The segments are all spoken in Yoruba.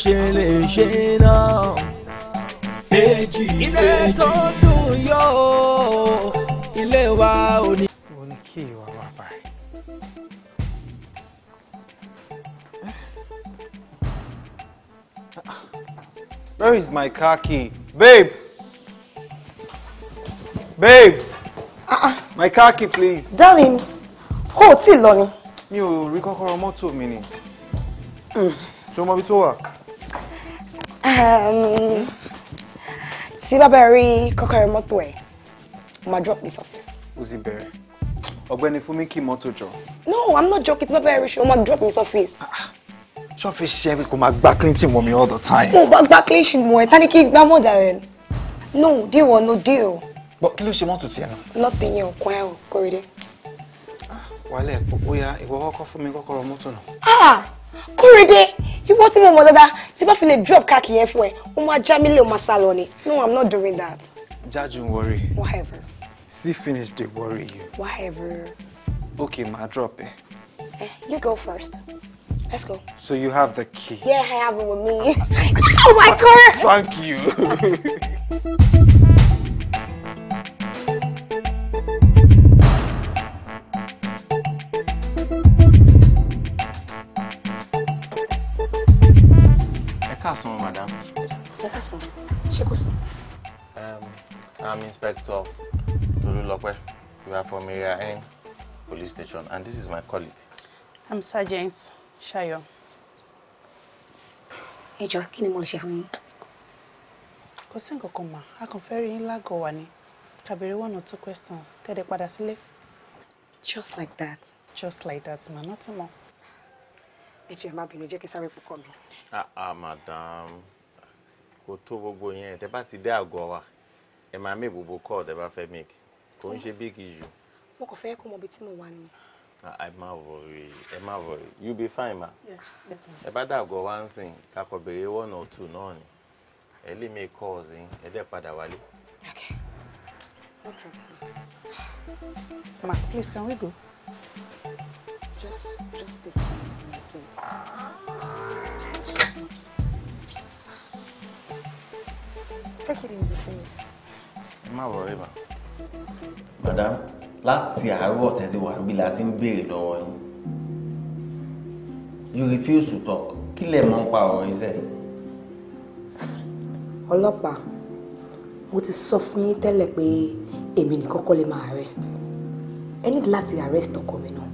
ṣe lè ṣe náà. ilé tó dùn yóò ilé wa ò ní. mo ní kí ìwà wà báyìí. Where is my car key? Babe! Babe! Uh-uh. My car key, please. Darling, ó ti lọ ni. Mi ò rí kọ́kọ́rọ́ mọ́tò mi ni. Mm ṣé o mọ ibi tó wà. tí bàbá rí kọ́kọ́rọ́ mọ́tò ẹ̀ ma drop this office. o ti bẹ̀rẹ̀ ọ̀gbẹ́ni fún mi kí mọ́tò jọ. no i'm not joking tí bàbá rí ṣe o ma drop this office. Ah, ṣọ́ọ̀fì ṣe é kó máa gbá clinton mọ́ mi all the time. mo bá gbá clinton mọ́ ẹ tani kí gbá mọ́ dàrẹ́ no deal or no deal. bọ kí ló ṣe mọ́tò tiẹ̀ náà. lọ́tẹ̀ yẹn òkun ẹ̀ kórè dé. Ah, wàhálà ẹ̀ pọ̀ bóyá ìwọ kọ́kọ́ fún mi kọ́kọ́rọ́ mọ́tò náà. Ah! Kúrèdé ìwọ tí mo mọ̀ dáadáa tí bá fi lè drop káàkì yẹn fún ẹ ó máa já mi lé o máa sá lọ ni no i'm not doing that. jaju n worry. whatever. see finish dey worry you. whatever. okay ma drop ẹ. Eh, you go first. Let's go. So you have the key? Yeah, I have it with me. oh my god! Thank you. káàsán madam. sẹ́kàsán ṣé kò sí. I'm Inspector Tolulọpẹ. You are from area N police station and this is my colleague. I'm Sergeant Shayo. Ẹ jọ̀ọ́ kí ni mo lè ṣe fún yín? Kò sí nǹkan kan mà, a kàn fẹ́ rí yín lágọ̀ọ́ wa ni. Kàbèrè one or two questions, kẹ́dẹ̀ padà sílé. Just like that. Just like that, ma, nothing more. Ẹ jọ̀ọ́ ẹ má bínú, jẹ́ kí sáré púpọ̀ mi ah ah madam kò tó gbogbo yẹn tẹ bá ti dé àgọ́ wa ẹ máa mí gbogbo call tẹ bá fẹ́ make kò ń ṣe big issue. mo kàn fẹ́ kó mọ ibi tí mo wà nìyẹn. ẹ má worry ẹ má worry you be fine ma ẹ bá dé àgọ́ wa ń sìn kakọ̀ bèrè one or two náà ni ẹ lè make calls yín ẹ dẹ̀ padà wálé. okay no problem. ma please can we go. just just stay. Please. Take it easy, please. Má worry ma. Madam, láti àárọ̀ tẹ́tí wà níbi láti ń béèrè lọ́wọ́ You refuse to talk. Kí lẹ̀ mọ́ ń pa ọ̀rọ̀ iṣẹ́? Ọlọ́pàá, mo ti sọ fún yín tẹ́lẹ̀ pé èmi nìkan kọ́ lè máa arrest. Ẹ ní láti arrest ọkọ mi náà.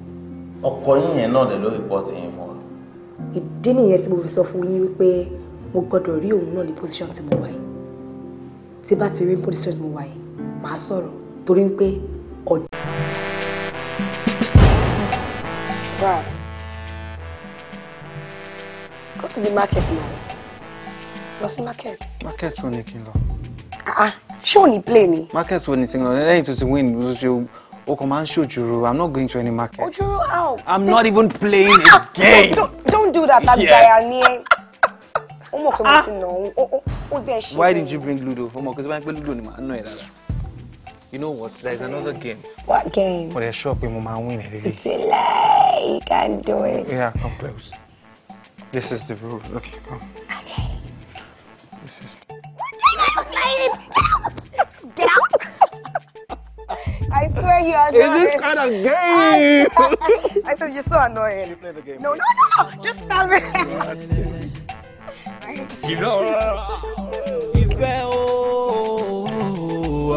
Ọkọ yín yẹn náà lè ló rìpọ́ọ̀tì yín fún wa. Ìdí nìyẹn tí mo fi sọ fún yín wípé mo gbọ́dọ̀ rí òun náà ní pòsíṣàn tí mo wà tí bá ti rí police station mo wà sọ̀rọ̀ torí pé ọ̀dọ́. Brad, go to the market now. Lọ sí market. Market wo ni kí n lọ? Ah, ah, ṣé ò ní play ni? Market wo ni ti ń lọ? Lẹ́yìn tó ti win ló ṣe o máa ń ṣòjòrò. I'm not going to any market. Ojoro how? I'm not even playing ah, a game. Don't, don't do that, that's yeah. Diane ó mọ̀ pé mo ah. ti nà òun ó dẹ̀ ṣe. why didn't you bring ludo fún ọmọ kò tó bá ń pẹ́ ludo ni màá nà ẹ̀ rárá you know what there is another game. what game. mo dẹ̀ sọ pé mo máa win ẹ̀ it's a lie you can't do it. yeah come close this is the rule okay come. okay. this is. what game are you playing? get out. I swear you are annoying. Is this kind of game? I said you're so annoying. Can you play the game? No, no, no, no. Just stop it. ìfẹ́ o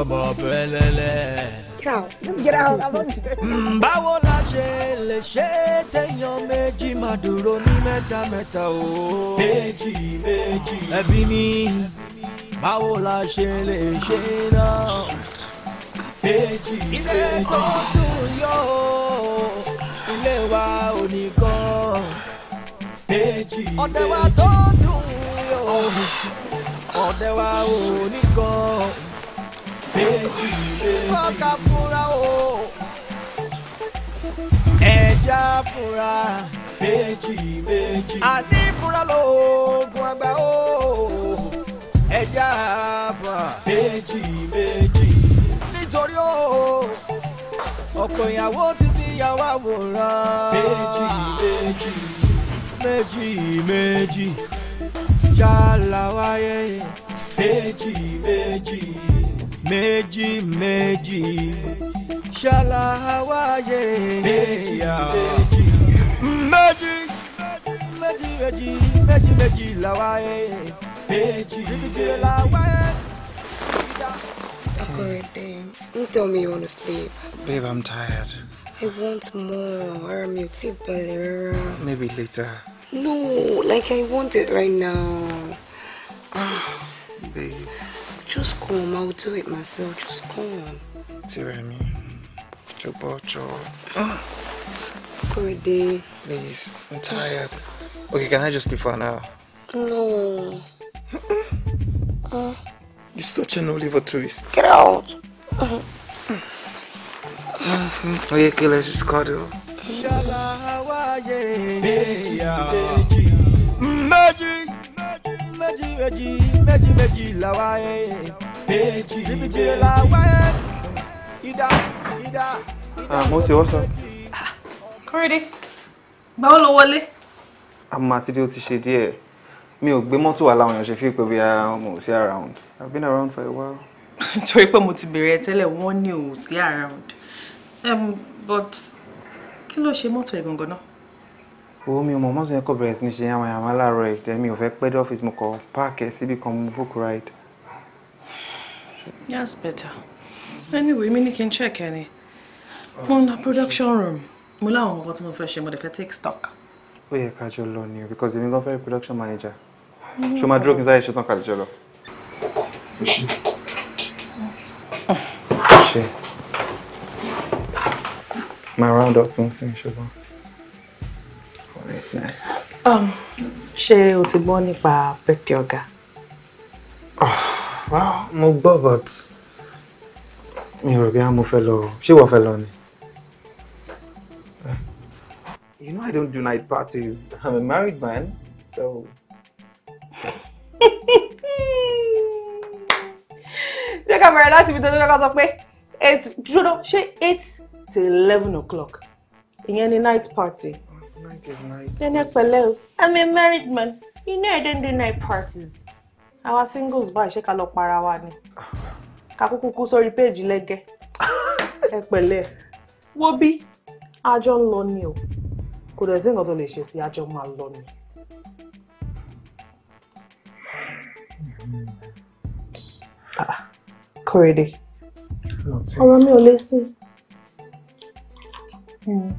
ọmọ pẹlẹlẹ. Hmm, báwo la ṣe lè ṣe téèyàn méjì máa dúró ní mẹ́ta mẹ́ta o. méjì méjì. ẹbí ni báwo la ṣe lè ṣe náà. méjì méjì. ilé kò dùn yóò ilé wa ò ní kọ́. méjì méjì. ọ̀dẹ̀ wa tó dùn o ọ̀dẹ wa ò ní gan méjì ọkà fúnra o ẹja fúnra méjì méjì àní fúnra lóògùn àgbà o ẹja fúnra méjì méjì nítorí o ọ̀pọ̀ ìyàwó ti ti yà wá wòran méjì méjì méjì méjì. ṣàlàwáyé méjì méjì méjì méjì ṣàlàwáyé méjì méjì méjì méjì méjì méjì méjì làwáyé méjì méjì làwáyé. Akore, damn. do tell me you want to sleep. Babe, I'm tired. I want more. Ara Maybe later. No, like I want it right now. Ah. Babe. Just come, I'll do it myself. Just come. Tiremi, Jobo, Jo. Good day. Please, I'm tired. Okay, can I just sleep for an hour? No. uh, You're such an Oliver twist. Get out. Ah. Mm. ó yẹ kí lè ṣe skọ́dọ̀. méjì méjì méjì méjì méjì làwa yẹ méjì jìbìtì làwa yẹ ìdá ìdá. mo ṣe wọ́n sọ. kúrẹ́dẹ́ gbà ó lọ wọlé. àmọ́ àti ti ṣe díẹ̀ mi ò gbé mọ́tò wà láwọn èèyàn fi pé bí mo sí around I've been around for a while. torí pé mo ti bèrè ẹ tẹ́lẹ̀ wọ́n ní ò sí around but kí ló ṣe mọ́tò ẹ̀ gangan náà. owó mi ò mọ̀ mọ́tò yẹn kò bẹ̀rẹ̀ sí ní ṣe àwọn àmọ́ láàárọ̀ ẹ̀ tẹ́ mi ò fẹ́ pẹ́ dé ọ́fíìsì mo kọ páàkì síbi kan mo book ride. Yes, better anyway mi ní kí n check ẹ ni mo ń lọ production room mo láwọn nǹkan tí mo fẹ́ ṣe mo dẹ̀ fẹ́ take stock. ó yẹ ká jọ lọ ni o because èmi gan fẹ́ production manager mm. ṣo máa dúró kí n sáré ṣetán ká jọ lọ. ṣe. ṣe. My round up ń sìn ṣùgbọ́n. Um, she ti gbọ́ nípa birthday ọ̀gá? Ah, mo gbọ́ but mi rò bí a mo fẹ́ lọ ṣé wọ́n fẹ́ lọ ni. You know I don't do night parties. I'm a married man, so. Jẹ́ ká bẹ̀rẹ̀ láti fi It's lọ́kọ̀ sọ pé eight till eleven o'clock In any night party. night is night. Then pẹ̀lẹ́ i'm a married man you know i don't do night parties. Our singles bá ṣe ká lọ para wa ni ká kúkú kú sórí péèjì lẹ́gẹ́ ẹ pẹ̀lẹ́ wo bí àjọ ń lọ ni o kò dẹ̀ sí nǹkan tó lè ṣe sí àjọ máa lọ ni. Ah, Kòrèdè ọ̀rọ̀ mi ò Hmm.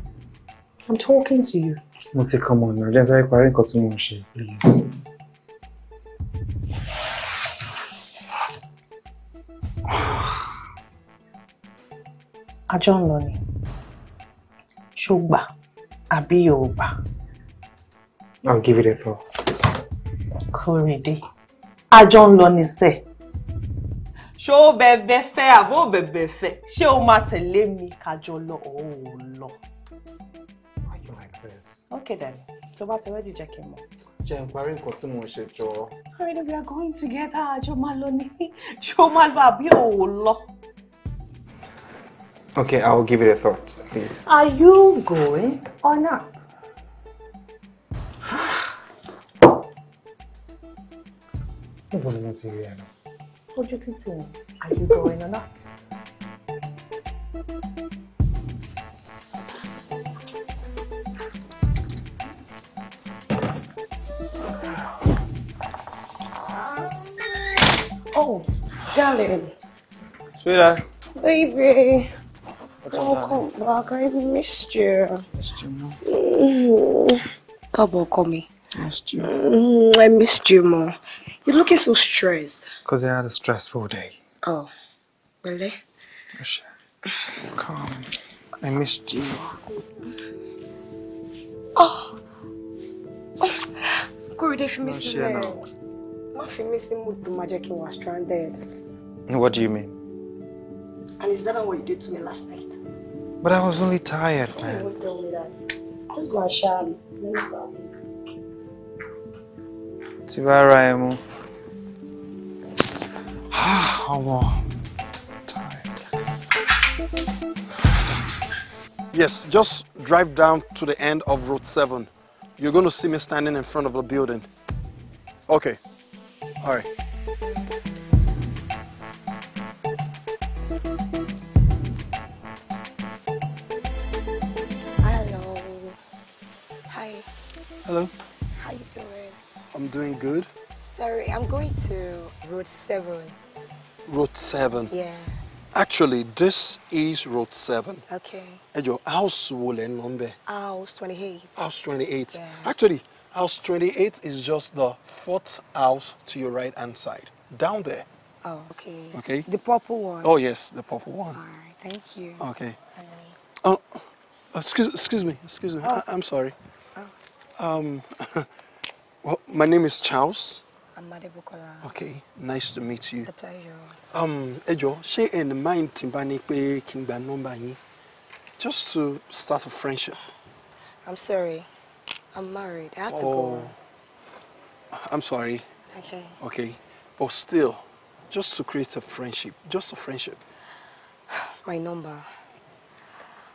I'm talking to you. Mo come on mọ̀ ọ̀nà jẹ́ sáré parí nǹkan tí mo please. Àjọ ń lọ ni. Ṣó I'll give it a thought. Kuri àjọ ń lọ ṣé o bẹ̀bẹ̀ fẹ́ àbó bẹ̀bẹ̀ fẹ́ ṣé o máa tẹ̀lé mi kájọ lọ ọ̀ ò lọ. why you like this. okay then tó bá ti rẹ́dì jẹ́ kí n mọ̀. jẹ́ n parí nǹkan tí mo ṣe jọ. already we are going together jọ máa lọ ní jọ máa lọ àbí ò lọ. okay i will give it a thought please. are you going or not. níbo ni mo ti rí ẹ náà. What do you think, Tina? Are you going or not? Oh, darling. Sweetheart. Baby. Welcome oh, back. I missed you. Missed you, mom. Mm -hmm. Come on, call me. Missed you. Mm-hmm. I missed you, more. You're looking so stressed. Because I had a stressful day. Oh, really? Usha, come. I missed you. Oh! oh. Koride fi mí sílẹ̀. Má fi mí sí mood tó máa jẹ́ kí stranded. What do you mean? And is that not what you did to me last night? But I was only tired, man. don't tell me that. Just go and shower Let me stop. tí bá ra ẹ mu ah, Yes, just drive down to the end of Route 7. You're going to see me standing in front of the building. Okay. All right. doing good? Sorry, I'm going to Road 7. Road 7? Yeah. Actually, this is Road 7. Okay. And your house will end number? House 28. House 28. Yeah. Actually, house 28 is just the fourth house to your right hand side. Down there. Oh, okay. Okay. The purple one. Oh, yes, the purple one. All right, thank you. Okay. Oh, excuse, excuse me, excuse me. Oh. I, am sorry. Oh. Um, Well, my name is Charles. I'm Adebukola. Okay, nice to meet you. The pleasure. Um, Ejo, she and ẹ ní mind tí pé number Just to start a friendship. I'm sorry. I'm married. I had oh, to go. Oh. I'm sorry. Okay. Okay. But still, just to create a friendship, just a friendship. My number.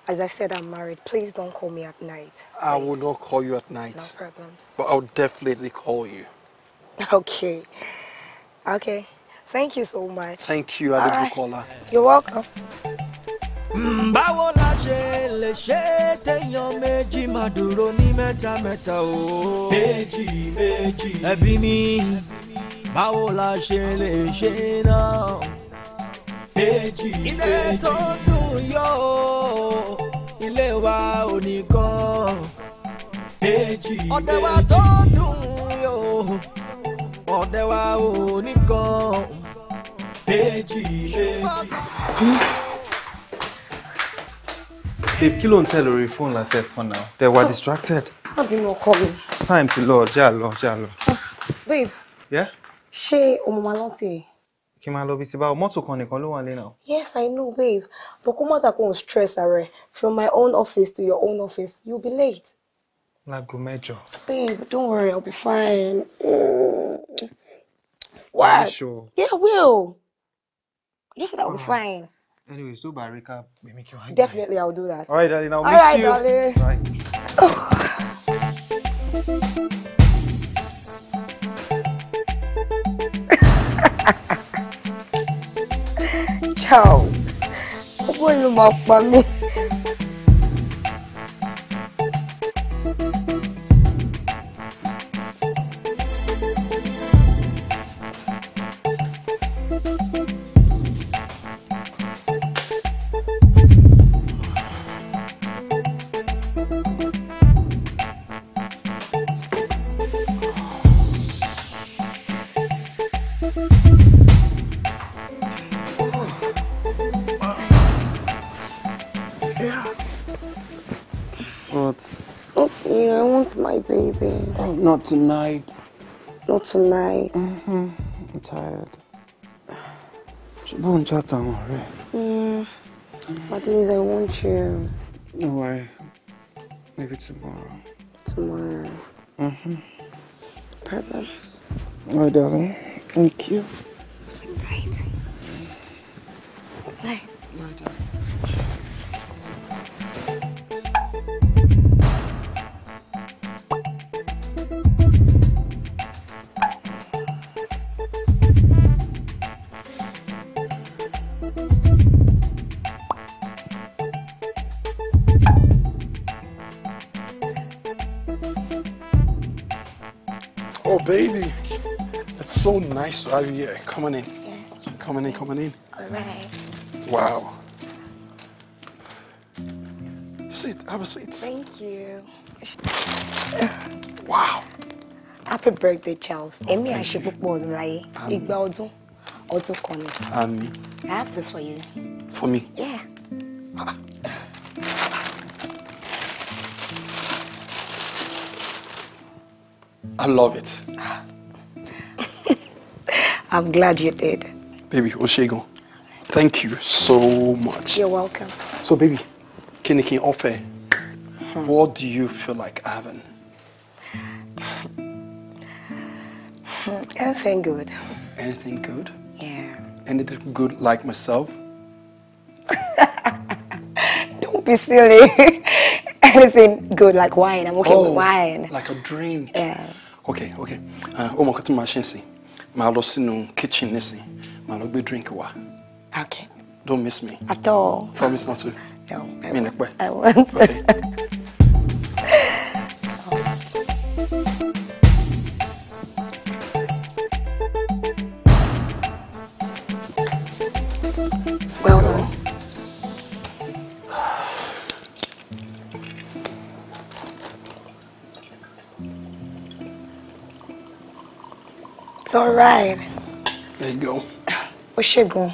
As I said, I'm married. Please don't call me at night. Please. I will not call you at night. No problems. But I'll definitely call you. Okay. Okay. Thank you so much. Thank you, Adibukola. Right. You're welcome. báwo la ṣe lè ṣe téèyàn méjì máa o. méjì méjì. ẹbí mi báwo la ṣe lè ṣe náà kejì ilé tó dùn yọ ilé wa ò ní kọ́. kejì kejì. ọ̀dẹ̀ wa tó dùn yọ o wa ò ní kọ́. kejì kejì. babe kí ló ń tẹ lórí fóònù láti ẹ̀kan náà they were distracted. má bínú ọkọ mi. time ti lọ jà lọ jà lọ. Ah, babe. ṣé o mọ̀ máa lọ́ntì ẹ̀? kí n máa lọ bí ti báwo mọ́tò kan nìkan ló wà lẹ́nà. yes i know babe but kó mọ́tà kò ń stress ààrẹ from my own office to your own office you'll be late. láago mẹ́jọ. babe don't worry i'll be fine. Mm. what are you sure? yeah i will you said i'll be fine. anyway so by we maybe you definitely i'll do that. all right darling i'll all miss right, you. all right darling. Oh. Charles. Ọmọ yìí máa pa mí. sleeping. Oh, not tonight. Not tonight. Mm-hmm. I'm tired. Shubon chat I'm alright. Yeah. At least I want you. No way. Maybe tomorrow. Tomorrow. Mm-hmm. Problem. Oh, darling. Thank you. Sleep tight. Night. Night, darling. nice to have you here. Come on in. Yes. Come on in, come on in. All right. Wow. Sit, have a seat. Thank you. Wow. Happy birthday, Charles. Oh, Èmi àṣepúpọ̀ ọdún láyé. Igba ọdún. Ọdún kan ni. me. I have this for you. For me? Yeah. Ah. I love it. Ah. I'm glad you did. Baby, Oshego, thank you so much. You're welcome. So, baby, can you offer? Hmm. What do you feel like having? Anything good. Anything good? Yeah. Anything good like myself? Don't be silly. Anything good like wine. I'm okay oh, with wine. Like a drink. Yeah. Okay, okay. Uh, oh my god, my máa lọ sínú kitchen nísìn máa lọ gbé drink wá. okay. don't miss me. at all. promise not to. no. mi ní pẹ́. i won't. okay. It's all right. There you go. Ó ṣé gan.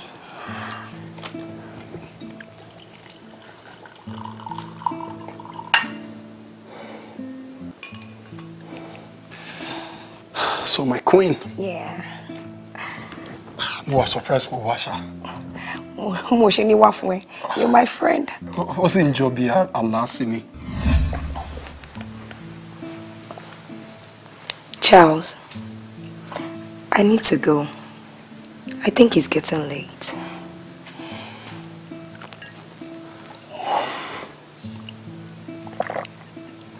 So my queen. Yeah. You are surprised for wá ṣá. Mo ṣe ní You're my friend. Ó sì ń jọ bí Charles. I need to go. I think it's getting late.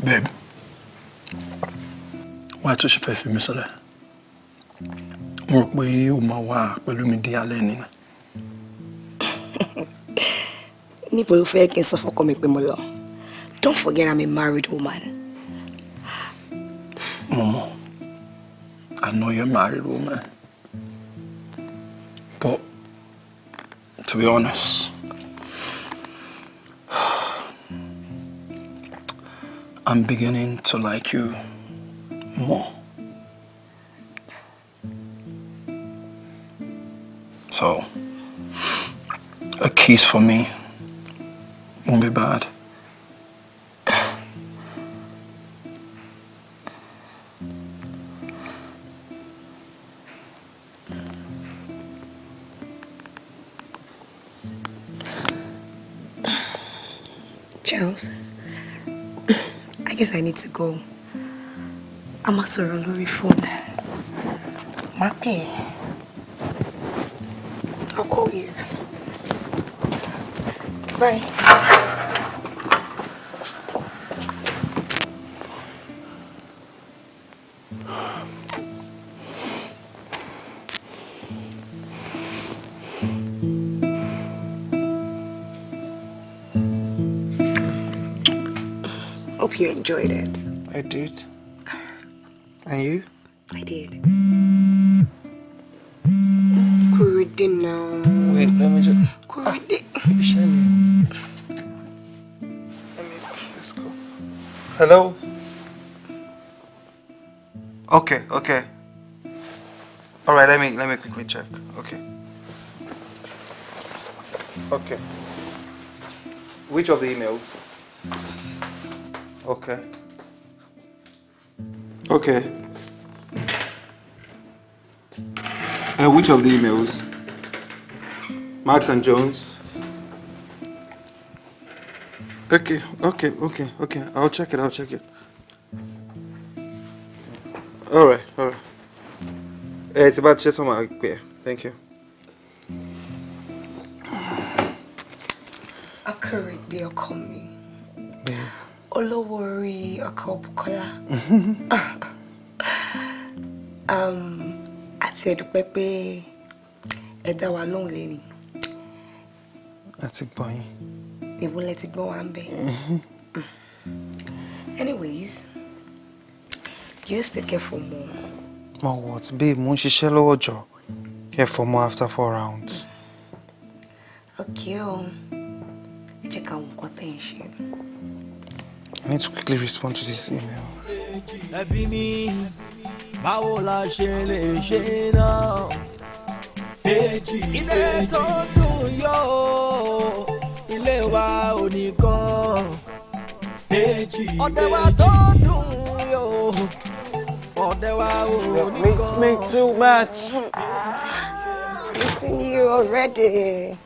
Babe, Why tó ṣe fẹ́ fi mí sílẹ̀. Mo rò pé o máa wà pẹ̀lú mi di alẹ́ nínú. Níbo ló fẹ́ kí so sọ fọ́kọ mi pé mo lọ? Don't forget I'm a married woman. know you're a married woman. But to be honest, I'm beginning to like you more. So, a kiss for me won't be bad. I guess I need to go. I'm a lórí phone. Má i I'll call you. Bye. enjoyed it? I did. And you? I did. Kurdi now. Wait, let me just. Kurdi. Ah, Shani. Let me. Let's go. Hello? Okay, okay. Alright, let me let me quickly check. Okay. Okay. Which of the emails? Okay. Okay. Uh, which of the emails? Marks and Jones. Okay, okay, okay, okay. I'll check it, I'll check it. Alright, alright. Uh, eh, it's about my Yeah, thank you. Akere, dear, call ọkọ̀ọ̀bùkọ́lá àti um, ẹ̀dùpẹ́ pé ẹ dá wa lóhùn lẹ́nu. àti gbọ́ yín. ìwọ lẹ ti gbọ́ wa ń bẹ̀. anyways you stay careful for more. more what babe mo ń ṣiṣẹ́ lọ́wọ́ jọ care for more after four rounds. okay o check out wọn kọ́ tẹ̀ ń ṣe. I need to quickly respond to this email. Ẹbí mi, me too much. Missing you already.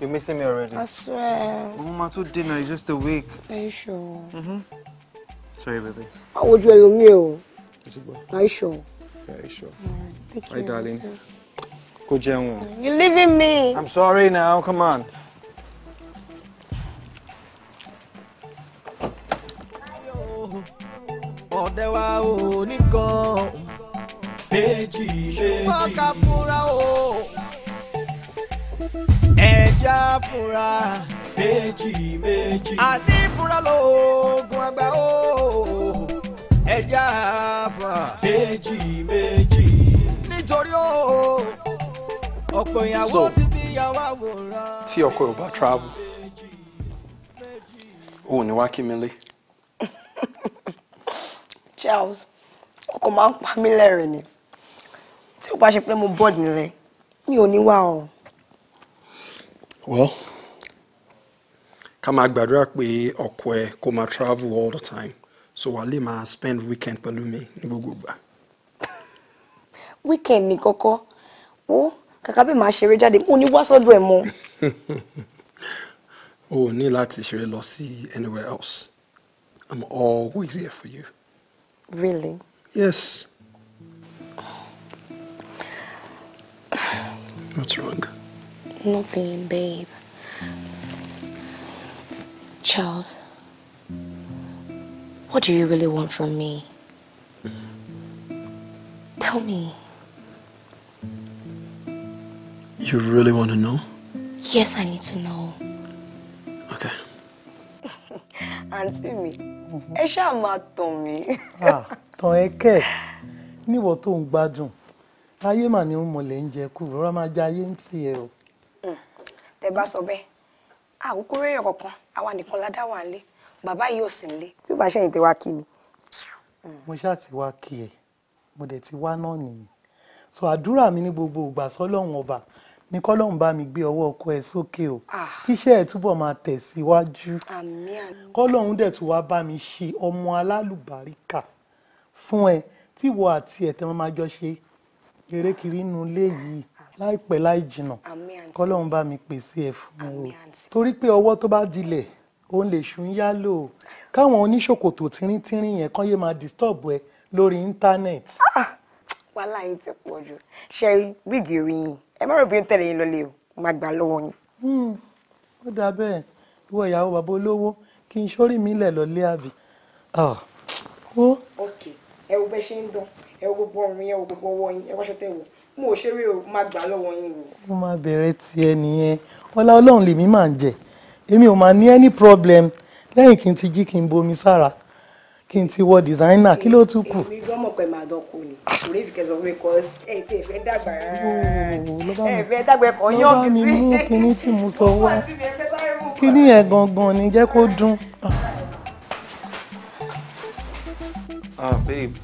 You're missing me already. I swear. Mama, to dinner is just a week. Are you sure? Mm-hmm. Sorry, baby. How would you alone you? Are you sure? Are you sure? Yeah, thank you. Hi, darling. Go Jenwu. You're leaving me. I'm sorry now. Come on. ọ̀dẹ wa ẹja fura méjì méjì àní fura lóògùn àgbà o ẹja fura méjì méjì nítorí o ọ̀pọ̀ ìyàwó ti bí ìyàwó àwòrán. tí ọkọ ò bá travel òun ni wá kí mi lé. Charles ọkọ máa ń pa mí lẹ́rìn ni tí ó bá ṣe pé mo bọ́ọ̀dù nílẹ̀ mi ò ní wá ọ̀hún. Well, ká máa gbàdúrà pé ọkọ ẹ kó máa travel all the time so wàá lè máa spend weekend pẹ̀lú mi ní gbogbo ìgbà. weekend ní kọ́kọ́ wo kàkà bí màá ṣeré jáde mo ní wá sọ́dọ̀ ẹ̀ mọ́. o ní láti ṣeré lọ sí anywhere else I'm always here for you. Really? Yes. What's wrong? Nothing, babe. Charles, what do you really want from me? Tell me. You really want to know? Yes, I need to know. Okay. Àǹtí me. Esha ṣáà máa tàn mí. Ah, tàn ẹ kẹ́ níwọ̀ tó ń gbádùn. Ayé mà ni ń mọ̀lẹ́ ń jẹ kú, rọra máa jẹ ayé ń tiẹ̀ o tẹ bá sọ bẹ́ẹ̀ àkókò rèèyàn kankan àwa nìkan ládá wà nílé bàbá yìí ò sí nílé tí bá ṣẹyìn tẹ wá kí mi. mo ṣáà ti wá kí ẹ mo dẹ̀ ti wá náà nìyí so àdúrà mi ní gbogbo ìgbà sọ́lọ́run ọba ní kọ́lọ́run bá mi gbé ọwọ́ ọkọ ẹ sókè o ah. kíṣẹ́ ẹ túbọ̀ máa tẹ̀síwájú kọ́lọ́run dẹ̀ tún wá bá mi ṣe ọmọ alálùbáríkà fún ẹ tíwọ àti ẹ̀tẹ́ máa jọ ṣe eré kiri yìí láìpẹ́ láì jìnà kọ́lọ́run bá mi pèsè ẹ̀ fún un o torí pé ọwọ́ tó bá dilẹ̀ òun lè ṣùn yá lò ó káwọn oníṣòkòtò tínríntírín yẹn kán yé máa disturb ẹ lórí íńtánẹ́ẹ̀tì. Ah, wàhálà yìí ti pọ̀ jù ṣe wíìgì orí yín ẹ má rò bí ó ń tẹ̀lé yín lọlé o máa gbà lọ́wọ́ yín. Hmm, ó dáa bẹ́ẹ̀ ìwọ ìyàwó bàbá olówó kí n sórí mi lẹ̀ lọlé àbí. Ah, ok ẹ wo bẹ ṣe ń dán ẹ wo gbogbo ọrùn yẹn ẹ wo gbogbo ọwọ́ yín ẹ wáṣọ tẹ wò mo ṣeré o máa gbà lọ́wọ́ yín o. mo máa bẹ̀rẹ̀ tiẹ̀ nìyẹn ọlá ọlọ́run lèmi máa ń jẹ èmi ò máa ní any problem lẹ́yìn kí n ti jí kí n bomi sára kí n ti wọ designer kí ló tún kù. èmi gan mọ̀ pé ni torí ìdíkẹ́ sọ pé kò ẹ ti ẹ̀fẹ́ dàgbà rárá ẹ̀fẹ́ dàgbà kan yọ̀ kí sí. ló mi mú kinní tí mo sọ wá kinní yẹn gangan ni jẹ́ kó dún. ah babe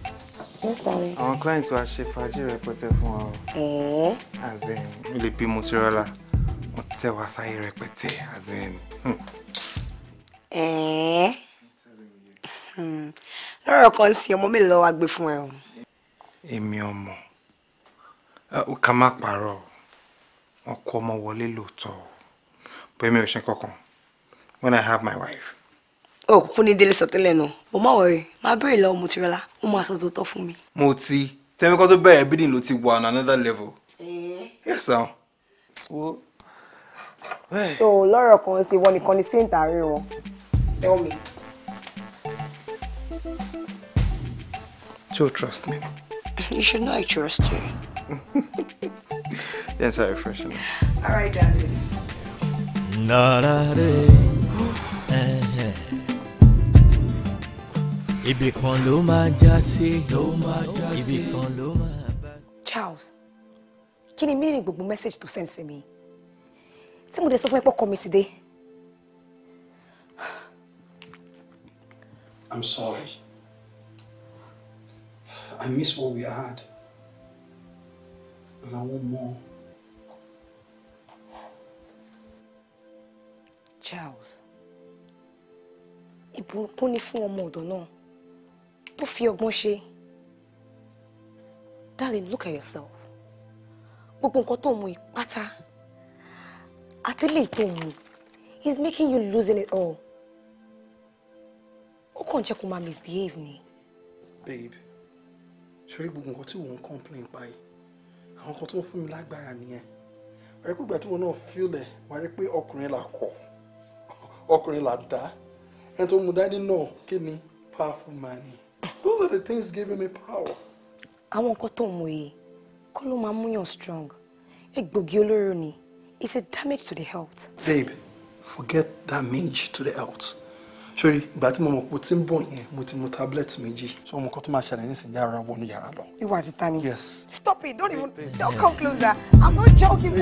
Yes, darling. Àwọn clients wa ṣe fàájì rẹpẹtẹ fún wa. Ẹ̀ẹ́. Eh? As in, ilé bí mo ṣe rọ́lá, wọ́n sáyé rẹpẹtẹ, as in. Ẹ̀ẹ́. Hmm. Eh? Hmm. Lọ́rọ̀ kan sí ọmọ mi lọ́wọ́ gbé fún ẹ o. Èmi ọmọ, ká má parọ́, wọn kó ọmọ wọlé lóòótọ́, bẹ́ẹ̀ mi ò ṣe kankan, when I have my wife. Oh, kúkú ní délé sọ tẹ́lẹ̀ náà mo má wọrí má bẹ̀rẹ̀ lọ́wọ́ mo ti rọ́lá ó máa sọ tó fún mi. mo ti tẹ́mi kọ́ tó bẹ̀rẹ̀ bídìn ló ti wà on another level. Eh? yes sir. so lọ́rọ̀ kan sí wọn nìkan ni sí ìtàrí wọn tell me. you trust me. you should know I trust you. Yes, sir. I freshen All right, darling. Na, na, eh, eh ibì kan ló máa já sí ibì kan ló máa bá. Charles kí ni mílíọ̀nù gbogbo mẹ́sàgì tó sẹ́ǹsì mi tí mo dé sọ fún ẹ pọ́ mi ti dé. I'm sorry. I miss what we had. And I want more. Charles, ìbùkún ni fún ọmọ ọ̀dọ̀ náà tó fi ọgbọ́n ṣe darling look at yourself gbogbo nǹkan tó mú ìpátá àtẹ́lẹ̀ tó mú is making you losing it all ó kàn jẹ́ kó máa misbehave ni. babe ṣorí gbogbo nǹkan tí òun complain pa yìí àwọn kan tó ń fún mi lágbára nìyẹn wàá rí pé ìgbà tí wọn náà fílẹ̀ wàá rí pé ọkùnrin là kọ̀ ọkùnrin là dá ẹni tó mú dání náà powerful man ni are the things giving me power. àwọn nǹkan tó ń mú yìí kọ́ ló máa ń múyàn strong egbògi olóró ni it's a damage to the health. Babe, forget damage to the health sori ìgbà tí mo mọ̀ pé tí ń bọ̀ yẹn mo ti mu tablet méjì so mo kọ́ tó máa ṣẹlẹ̀ nísìnyí ara wọnú yàrá lọ. ìwà àti ta yes. stop it don't even don't come closer i'm not joking.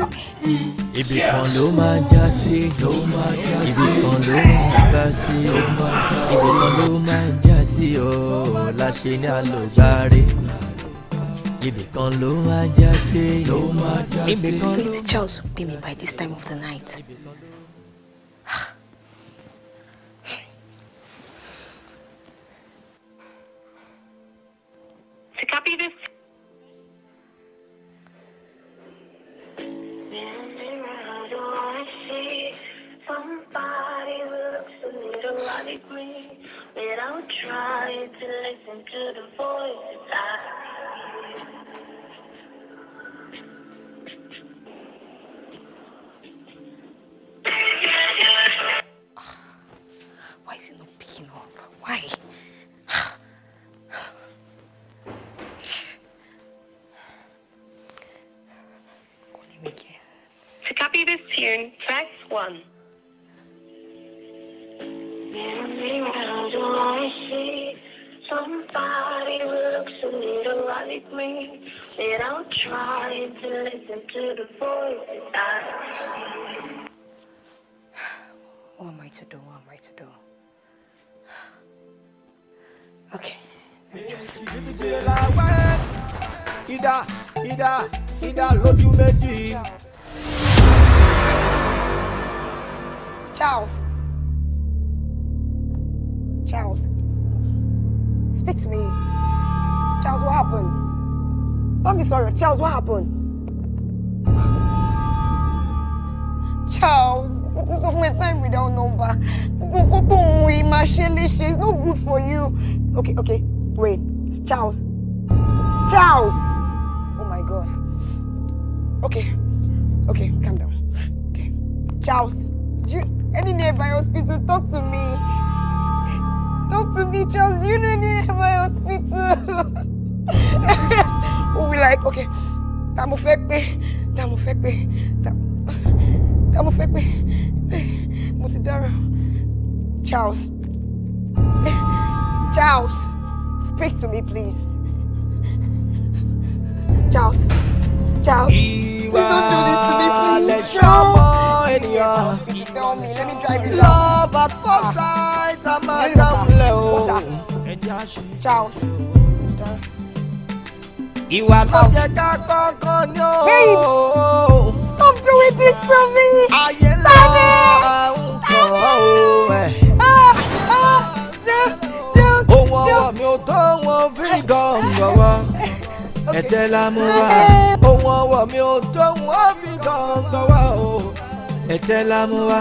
ibi kan ló máa já sí ibi kan ló máa já sí ibi kan ló máa já sí o láṣẹ ní àlọ́jàre ibi kan ló máa já sí ibi kan ló. Baby Charles pay me by this time of the night. try to listen to the voice Why is it not picking up? Why? To copy this tune, press 1. They don't try to listen to the voice I... What am I to do? What am I to do? Okay. Ida, Ida, Ida, you, méjì. Charles. Charles. Speak to me. Charles, what happened? Don't be sorry. Charles, what happened? Charles, this is my time without number. It's no good for you. Okay, okay, wait. It's Charles. Charles! Oh my god. Okay, okay, calm down. Okay. Charles, do you, any nearby hospital, talk to me. Talk to me, Charles. Do you know any nearby hospital? who will like okay ta mo fẹ́ pé ta mo fẹ́ pé ta mo fẹ́ pé mo ti dára Charles Charles speak to me please Charles Charles please don't do this to me please no ènìyàn love at first sight a máa dá mi lẹ́wọ̀ Charles ìwà kan. ọjọ́ ká kọ́kọ́ ni ó. babe stop doing this to me. ayé lọ àwọn kan ó. ohun ọwọ́ mi ò tó wọn fi gan gbọ́wọ́. ẹ̀tẹ́ la mú wa. Eh, eh. ohun ọwọ́ mi ò tó wọn fi gan gbọ́wọ́. ẹ̀tẹ́ la mú wa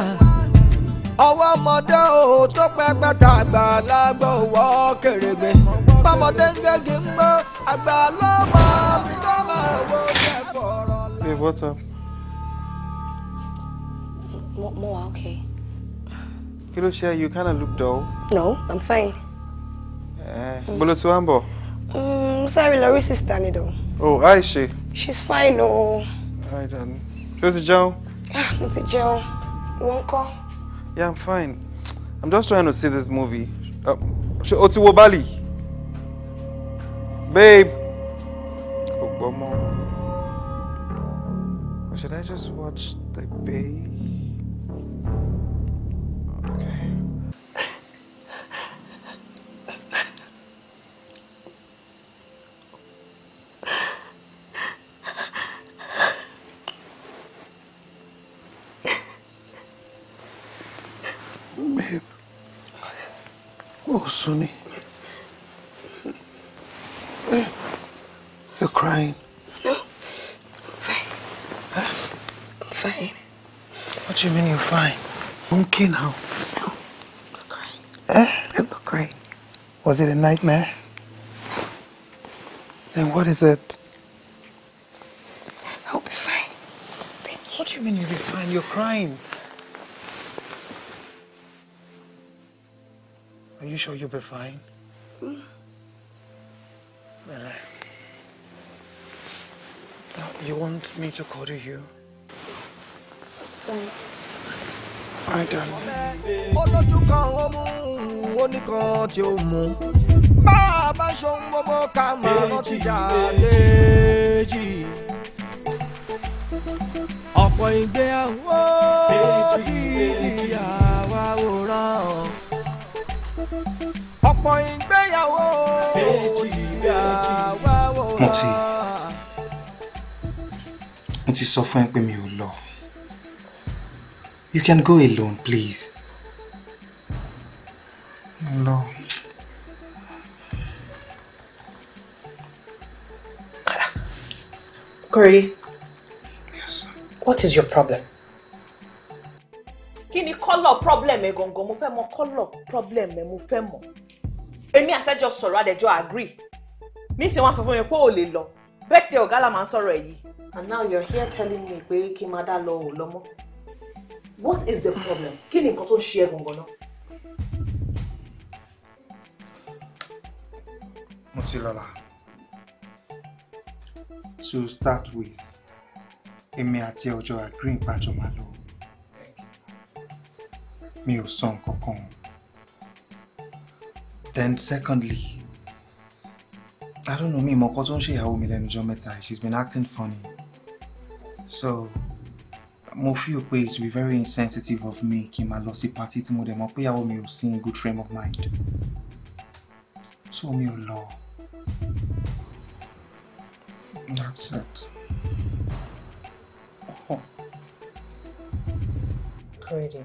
ọwọ́ ọmọdé o tó pẹ́ pẹ́ta àgbàlagbà òwò kèrègbè bọ́mọdé ń gègé ń gbọ́ àgbàlọ́mọ mi ló máa wo kẹfọ́ ọ̀rọ̀ la. what's up. mo okay. kí ló ṣe you kinda look dull. no i'm fine. Eh, bolo tí wàá ń bọ̀. Mm, sorry lórí sista ni dò. oh hi ṣe. she's fine o. Oh. hi dan. ṣé o ti jẹun. Ah, mo ti jẹun. wọ́n kọ́. Yeah, I'm fine. I'm just trying to see this movie. Uh, Otiwo Bali. Babe. Or should I just watch The Babe? Sunni. you're crying. No, I'm fine. Huh? I'm fine. What do you mean you're fine? I'm okay now. No, I look great. Eh? I look crying. Was it a nightmare? No. Then what is it? I'll be fine. Thank you. What do you mean you'll be fine? You're crying. sure you'll be fine. Mm. Bella. You want me to call you? Mm. I don't. Olójú kan ó mú oníkan tí ó mú. Bá a bá ṣohun gbogbo ká máa rántí jàdéjì. Ọ̀pọ̀ ìgbéyàwó ti di àwa ọ̀pọ̀ ìgbéyàwó ìyàwó. mo ti mo ti sọ fún ẹ pé mi ò lọ you can go alone please. lọ. Corey. Yes. What is your problem? kí ni kọ́lọ̀ problem ẹ̀ gangan mo fẹ́ mọ kọ́lọ̀ problem ẹ̀ mo fẹ́ mọ̀ èmi àtẹ́jọ́ sọ̀rọ̀ àdẹ́jọ́ agree nísìnyí wọ́n sọ fún mi pé ò lè lọ birthday ọ̀gá là máa ń sọ̀rọ̀ ẹ̀ yìí. and now you're here telling me pé kí n máa dá lọ ò lọ́mọ́ what is the problem kí ni nǹkan tó ń ṣe ẹ́ gangan náà. Mutilola to start with èmi àti ọjọ́ agree ìpàjọ́ máa lọ mi ò sọ nǹkan kan o then secondly i don't know Me, mọ ọkọ tó ń ṣèyàwó mi lẹ́nu ọjọ́ mẹ́ta she's been acting funny so mo feel pé it will be very insensitive of me kí n máa lọ sí party tí mo dẹ̀ mọ̀ pé ìyàwó mi ò sí in good frame of mind so mi ò lọ that's it. Already.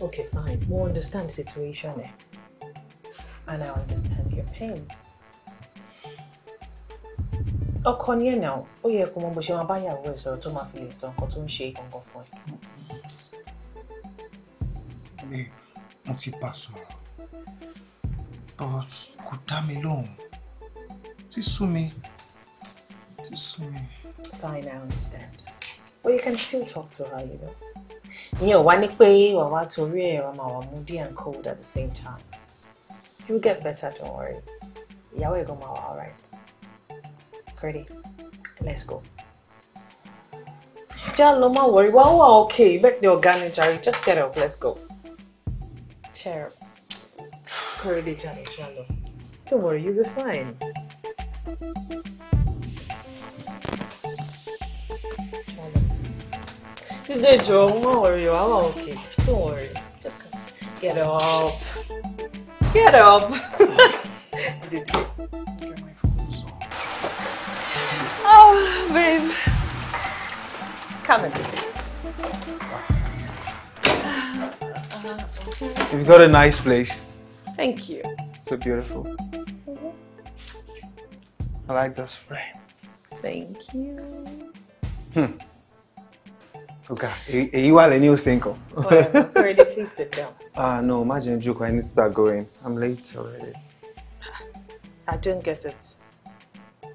Okay, fine. Mo understand the situation. Eh? and I understand your pain. ọkọ ni ẹ nà ó yẹ kó mọ bó ṣe máa bá ìyàwó ẹ sọ̀rọ̀ tó máa fi lè sọ nǹkan tó ń ṣe gbọngàn fún ẹ. mi mo ti bá sọ̀rọ̀ but kò dá mi lóhùn ti sú mi ti sú mi. fine I understand but you can still talk to her you know. ìyẹn ò wá ní pé wàá wá torí ẹ̀ wàá máa wà moody and cold at the same time. You'll get better, don't worry. Yahweh Gomawa, alright. Ready? Let's go. Jaloma worry. Wow, wow, okay. Bet the organic jarry. Just get up. Let's go. Chair. Curly Jolly Jalo. Don't worry, you'll be fine. Today, Joe, don't worry, I'm okay. Don't worry. Just get up. Get up. oh, babe. Come in. You've got a nice place. Thank you. So beautiful. I like this frame. Thank you. Hmm. ọ̀gá you are lẹ́ni new single. Already, please sit down. Ah, uh, no, má jẹ́ I need to start going. I'm late already. I don't get it.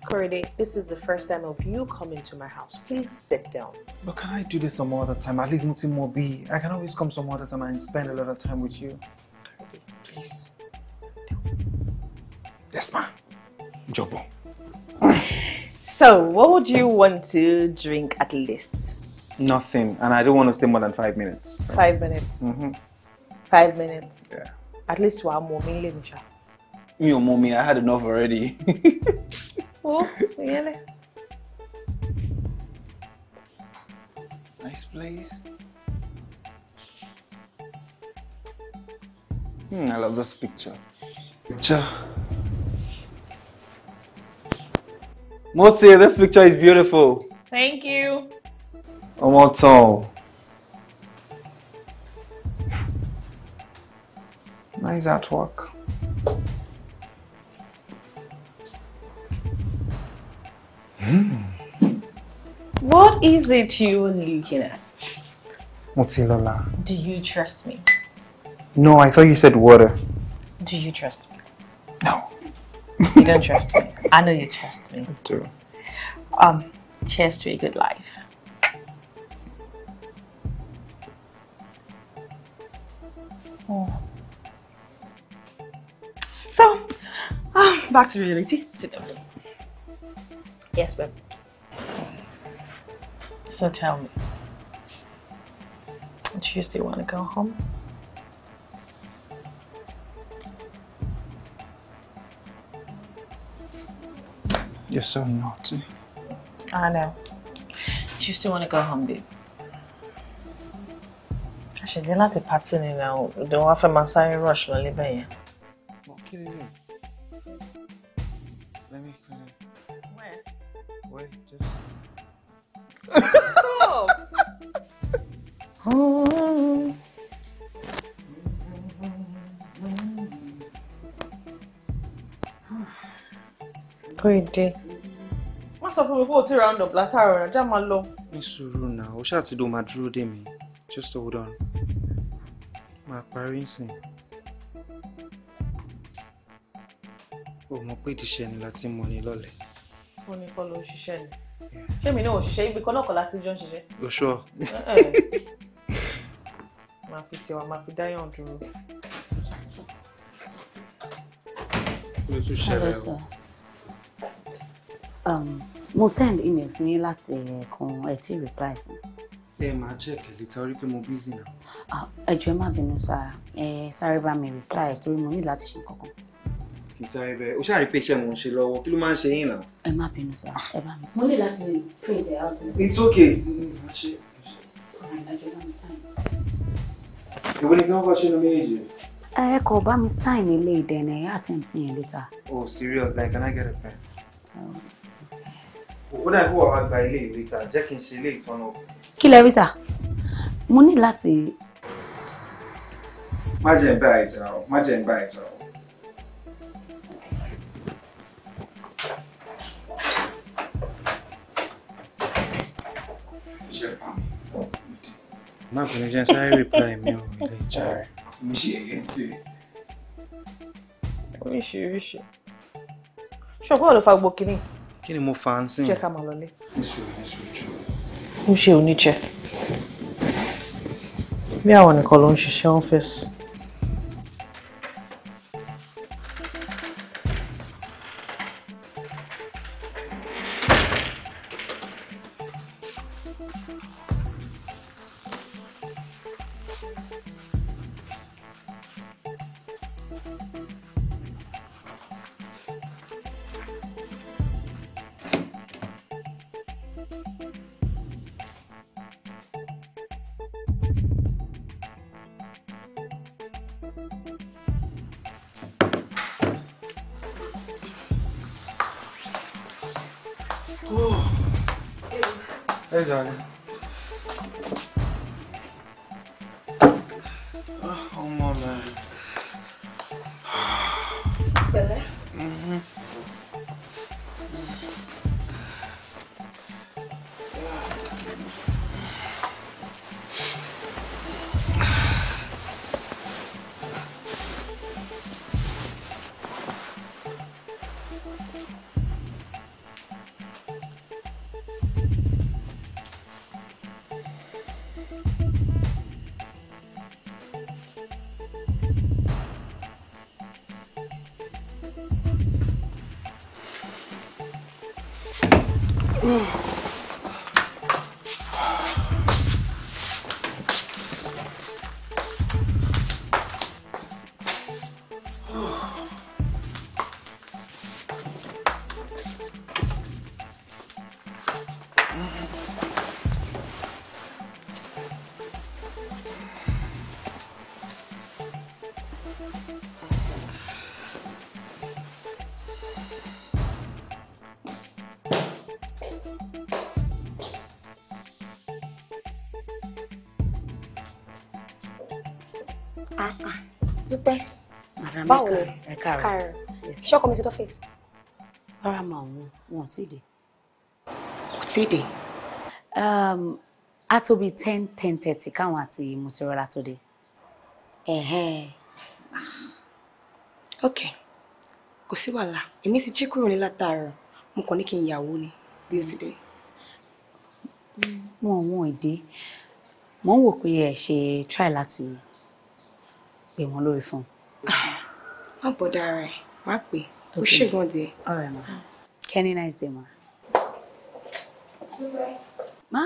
Korede, this is the first time of you coming to my house. Please sit down. But can I do this some other time? At least Muti Mobi. I can always come some other time and spend a lot of time with you. Korede, please sit down. Yes, ma'am. Jobo. so, what would you want to drink at least? Nothing. And I don't want to stay more than five minutes. So. Five minutes. Mm-hmm. Five minutes. Yeah. At least one more minute, Me or mommy, I had enough already. oh, really? Nice place. Hmm, I love this picture. Picture. Motsi, this picture is beautiful. Thank you. Omotol. Nice artwork. Mm. What is it you're looking at? Lola. Do you trust me? No, I thought you said water. Do you trust me? No. you don't trust me. I know you trust me. I do. Um, cheers to a good life. Oh. So, um, back to reality. Sit down. Yes, ma'am. So tell me, do you still want to go home? You're so naughty. I know. Do you still want to go home, babe? àṣẹjẹ láti pàtì ni na òde wọn fẹ́ máa sáré rush lọ lébẹ yẹn. kí ni yẹn let me clean it. where. where just. stop. oh. Kóyìndé. Má sọ fún mi kó o ti round up látàárọ̀ ọ̀nà já máa lọ. Ní sùúrù náà, ó ṣáà ti dó máa dúró dè mí just hold on máa parí nsìn o mọ̀ pé ìdíṣẹ́ ni láti mọ ni lọ́lẹ̀. ó ní kọ́ ló ń ṣiṣẹ́ ni ṣé mi náà ò ṣiṣẹ́ ibi kan náà kọ́ láti jọ ń ṣiṣẹ́. o ṣọ. máa fi tiwa máa fi dáyàn dúró. mi tún ṣẹlẹ̀ o. Um, mo send email sí yín láti ẹ̀ẹ̀kan ẹ̀ tí reply sí ẹ máa check ẹ lè torí pé mo busy náà. Ah, ẹ jọ̀ọ́ ẹ má bínú sá ẹ sáré bá mi reply ẹ torí mo ní láti ṣe nǹkan kì í sáré bẹ́ẹ̀ o ṣàrí pé iṣẹ́ mo ń ṣe lọ́wọ́ kí ló máa ń ṣe yín náà. ẹ má bínú sá ẹ bá mi. mo ní láti print ẹ out. it's okay. ìwé ni kí wọ́n kọ́ ṣe ní méjèèjì. ẹ kò bá mi sign ilé ìdẹ̀nà ẹ̀ àti ẹ̀ ń sìn oh serious like can I get a pen. Um, ó dàbí wàá wá gba ilé ìwé ta jẹ́ kí n ṣe ilé ìtọ́nà. kí lẹ rí sà mo ní láti. má jẹ́ ń bá ìtàn ọ̀ má jẹ́ ń bá ìtàn ọ̀. má kò ní jẹ́ sáré reply mi ò ilé ìjà rẹ̀. mi ṣe èyí tí. oríṣiríṣi ṣùgbọ́n ò ló fa gbòkìrì kí ni mo fa ń sìn. jẹ́ ká máa lọlé. ń ṣe oníjẹ bí àwọn nìkan ló ń ṣiṣẹ́ ọ́fíìsì. Ooh. báwo ni ẹ káàárọ̀ ṣọ́kọ mi ti dọ́fíìsì. rárá mà wọn wọn ò tí ì dé. kò tí ì dé. Um, a tó bíi ten ten thirty káwọn àti mùsùlùmí tó dé. ok kò sí wàhálà èmi ti jí kúrò ní látàárọ̀ mo kàn ní kí n yàwó ni bí ó ti dé. Mm, wọn wọn ò dé mo ń wò pé ẹ ṣe try láti pè wọn lórí fún un. Ah má bọ̀dá rẹ̀ má We should go there. all right ma kenny nice day ma. ma.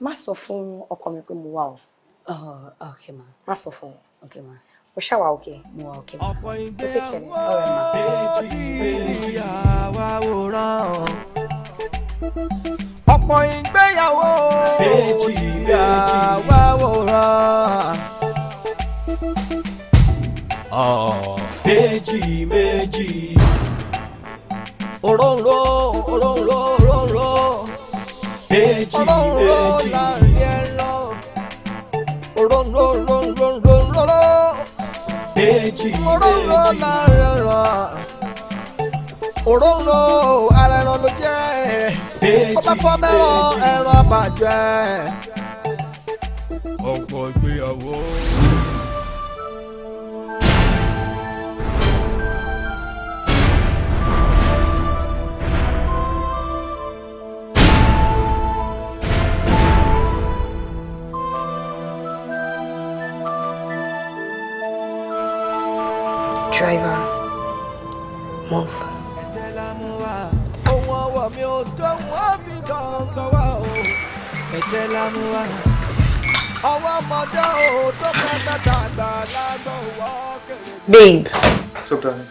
ma, so far, ọkọ come here with wà Oh, okay, ma. má sọ fún wọn. ok ma. mo ṣàwà òkè. mo wà okay, ma. ọ̀pọ̀ ìgbéyàwó èjì ìyàwó àwòrán ọ̀ ọ̀pọ̀ ìgbéyàwó èjì ìyàwó àwòrán méjì méjì. òróǹro òróǹro òróǹro. méjì méjì. òróǹro òróǹro òróǹro. méjì méjì. òróǹro láàrin rọ. òróǹro ara ẹran ló jẹ́. méjì méjì. ọba fọ́ mẹ́rọ ẹran àbàjẹ́. ọkọ̀ ìgbéyàwó. driver month. ohun babe. so darling.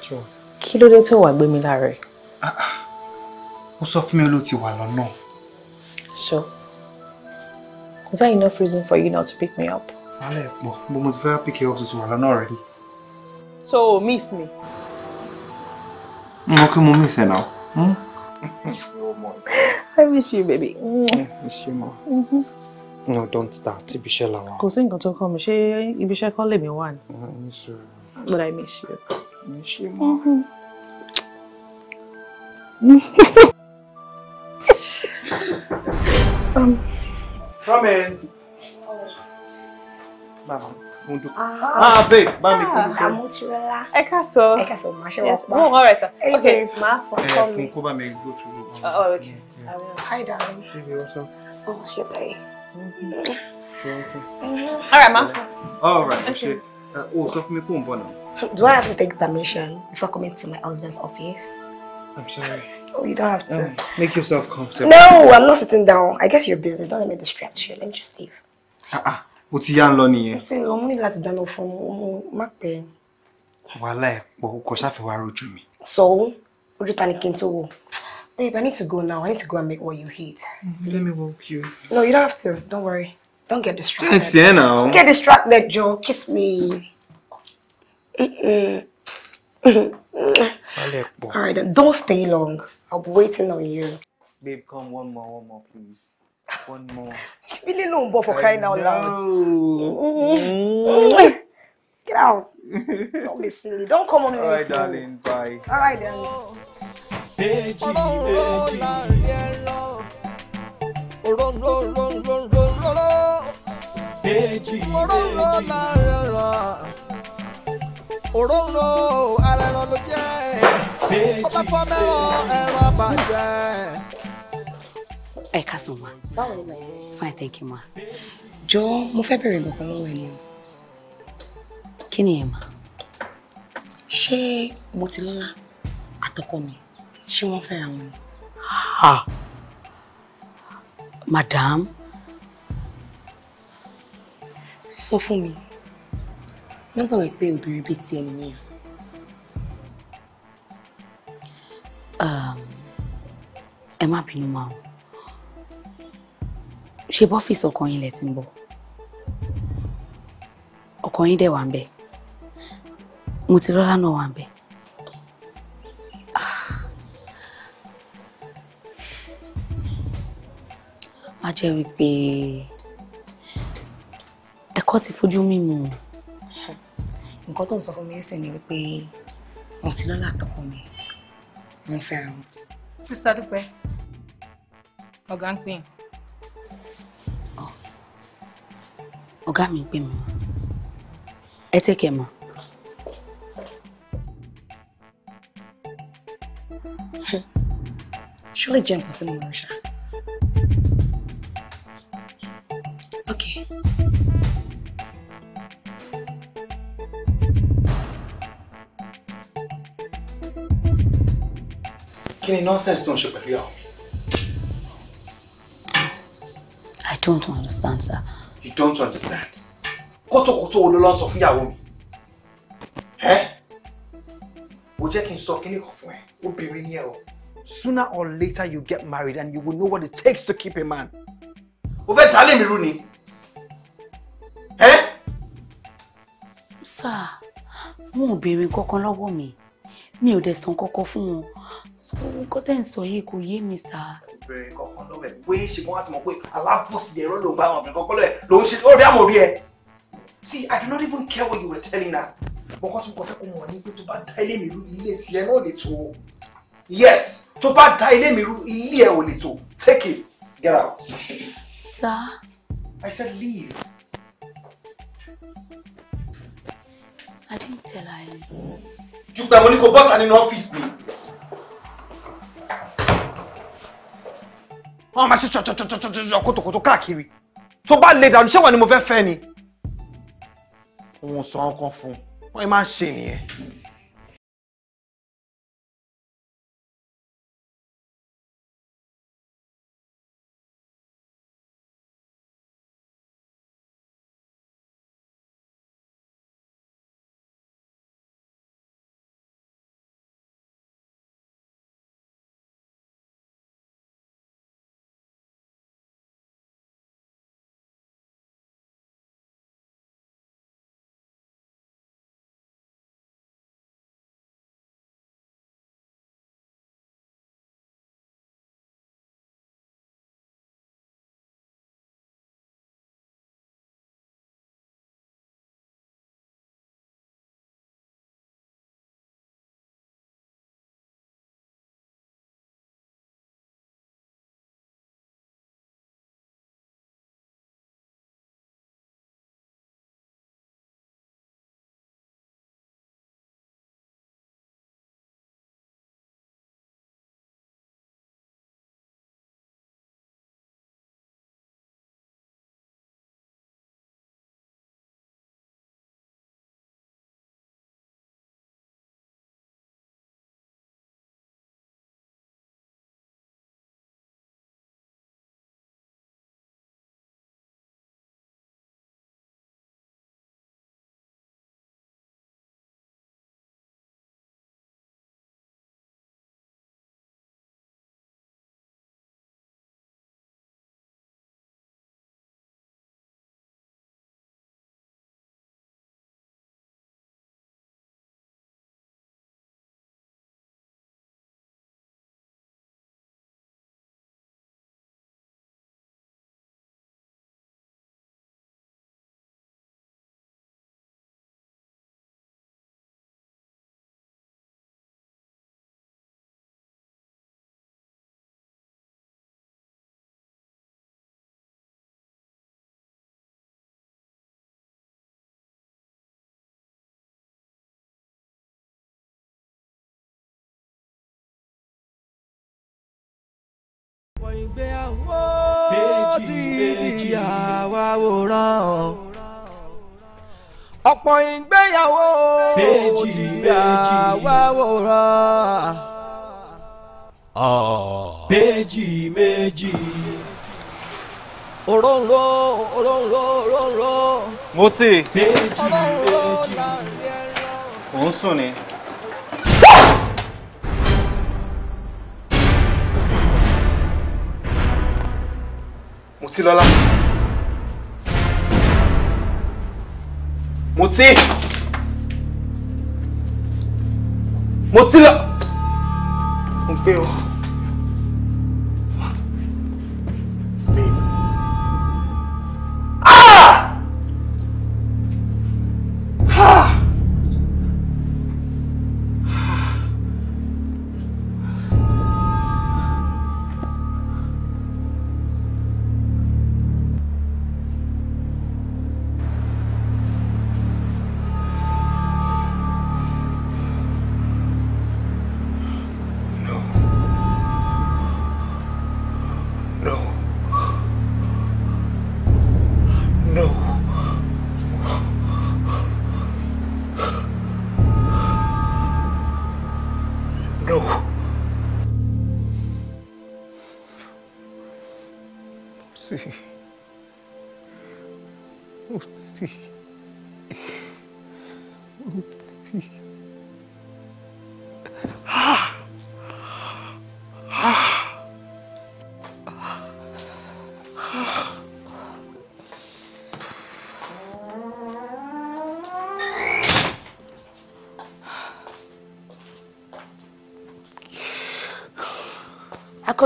sure. Kilo, ló dé tó wàá gbé mi lára ah, ẹ. Ah. ó sọ fún mi ló ti wà lọ́nà. so is there enough reason for you not to pick me up wàhálà ẹ̀ mo ti fẹ́ pick up tuntun wà lọ́nà already. so miss me. mo kí mo miss ẹ náà. Hmm? I miss you baby. Hmm, I miss you ma. Mm-hmm. No, don't start. Ibiṣẹ́ la wà. Kò sí nǹkan tó kọ́ mi, ṣé ibiṣẹ́ kọ́ lèmi wà ni? Mm, miss you. But I miss you. miss you ma. Mm-hmm. um. Come in bàbá ah. ah babe bá mi fún mi. àmútirọ́lá. ẹ ká sọ ẹ ká sọ máa ṣe wọ́n pa. no all right ok máa fọ kọ́ mi. ẹ fún kó bá go to oh okay. yeah. hi darling. baby what's up. oh ṣe day. all right ma. all right mo ṣe o sọ fún mi pé o ń do i have to take permission before coming to my husband's office. i'm sorry. Oh, you don't have to. Um, make yourself comfortable. No, I'm not sitting down. I guess you're busy. Don't let me distract you. Let me just leave. Uh-uh ó ti yá ń lọ nìyẹn. ó ti lọ mú ní láti dáná fún ọmọ má pẹ́. wàhálà ẹ̀ pọ̀ ó kọ ṣàfihàn rojú mi. sọ ó ojú ta ni kí n tó wò babe i need to go now i need to go and make what you hate. Mm -hmm. let me walk you. no you don't have to don't worry don't get distracted. jẹ́ ìsìn ẹ̀ náà. don't get distracted jo kiss me. wàhálà ẹ̀ pọ̀. all right then don't stay long i'll be waiting on you. babe come one more one more please. One more. Billy ló ń bọ̀ for crying out loud. Get out. Don't be silly. Don't come on me. All right, darling. Bye. All right, then. Deji, Deji. Deji, Deji òróǹro ẹran ló jẹ́ ọba fọ́ mẹ́wọ̀n ẹran bàjẹ́ ẹ ká sàn wá. báwo ni màá fine thank you ma. jọ mo fẹ́ bèrè nǹkan lọ́wọ́ ẹ ni o. kí ni ẹ ma. ṣé mo ti lọ́lá àtọkọ mi ṣé wọ́n fẹ́ra wọn ha madam sọ fún mi nígbà wípé obìnrin bíi ti ẹni yẹn ẹ má bínú máa ṣe bọ́fíìsì ọkọ yín lẹ̀ ti ń bọ̀ ọkọ yín dẹ̀ wà ń bẹ̀ mo ti lọ́lá náà wà ń bẹ̀. má jẹ́ wípé ẹ̀kọ́ ti fojú mímu. nǹkan tó ń sọ fún mi ẹsẹ̀ ni wípé wọ́n ti lọ́lá tọkọ mi wọ́n fẹ́ràn. sista dúpẹ́ ọ̀gá ń pín in. ọ̀gá mi gbé mi ẹ tẹ́kẹ̀ mọ́. ṣó lè jẹ́ nǹkan tí mo rán ṣá. ok. kí ni nonsense tó ń ṣe pẹ̀lú ìyàwó. I don't understand, sir. You don't understand. Koto wo ló lọ sọ fúnyàwó mi? Ẹ́ o jẹ́ kí n sọ kíní kan fún ẹ, obìnrin ni ẹ o. Sooner or later you get married and you will know what it takes to keep a man. O fẹ́ dálé mi rú ni? Ẹ́. Sir, wọn biwin béèrè kankan lọ́wọ́ mi, mi ò dẹ̀ san kankan fún wọn nǹkan tẹ́ ń sọ yìí kò yé mi sá. obìnrin kankan lọ́wọ́ ẹ̀ wé ṣe wọ́n á ti mọ̀ pé alábòsí ẹ̀rọ ló ń bá àwọn obìnrin kankan lọ́wọ́ ẹ̀ ló ń ṣe ó rí àmọ̀ see i do not even care what you were telling her mo kọ́ tí mo kọ́ fẹ́ kó mọ̀ ní pé tó bá dá ilé mi rú ilé ìsìlẹ̀ náà lè tó yes tó bá dá ilé mi rú ilé ẹ̀ ò lè tó take it get out. sá. i said leave. i didn't tell her. jùpẹ̀ mo ní kó bọ́ta nínú ọ́fíìsì mi. wọ́n máa ṣe ṣọ̀ṣọ̀ṣọ̀ṣọ̀ṣọ̀ kótókótó káàkiri tó bá lè dànù ṣẹ́wọ̀n ni mo fẹ́ fẹ́ ni. òun sọ ọkàn fún un wọ́n máa ń ṣe nìyẹn. láwòrán ọ̀pọ̀ ìgbéyàwó ti yàwá wòrán. méjì méjì. òróǹro òróǹro òróǹro. mo tè. méjì méjì. òun sùn ni. mo ti lọ́la. mo ti mo ti lọ mo gbé o.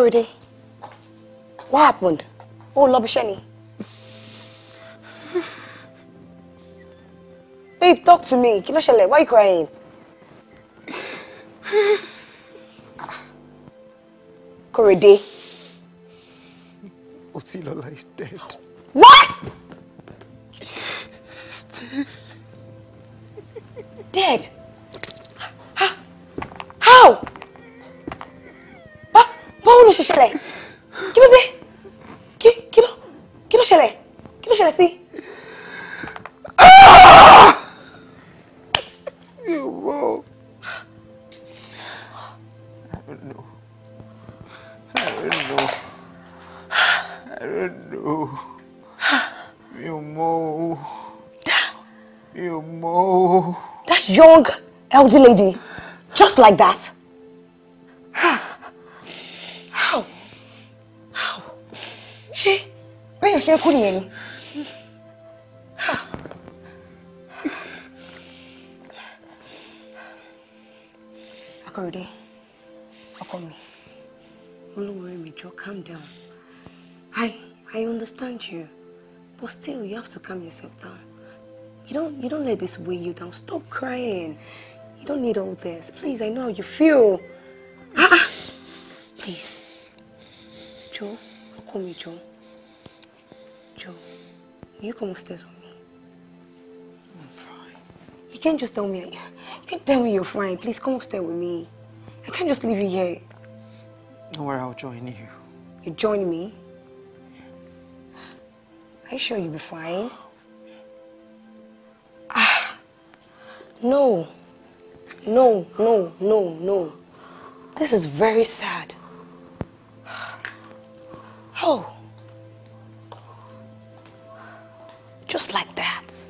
Korede, what happened? Oh, Lobisheni. Babe, talk to me. Kí why are you crying? Korede. Otilola is dead. What? Dead? crazy lady. Just like that. How? How? she? bẹ́ẹ̀ ṣe kú nìyẹn ni? Akọ̀ròdé, ọkọ mi, olúwẹ̀rẹ̀ mi jọ calm down. I I understand you, but still you have to calm yourself down. You don't you don't let this weigh you down. Stop crying. You don't need all this. Please, I know how you feel. Ah! Please. Joe, call me Joe. Joe, will you come upstairs with me? I'm fine. You can't just tell me. You can't tell me you're fine. Please come upstairs with me. I can't just leave you here. Don't worry, I'll join you. You join me? Are you sure you'll be fine? Ah, no. No, no, no, no. This is very sad. Oh. Just like that.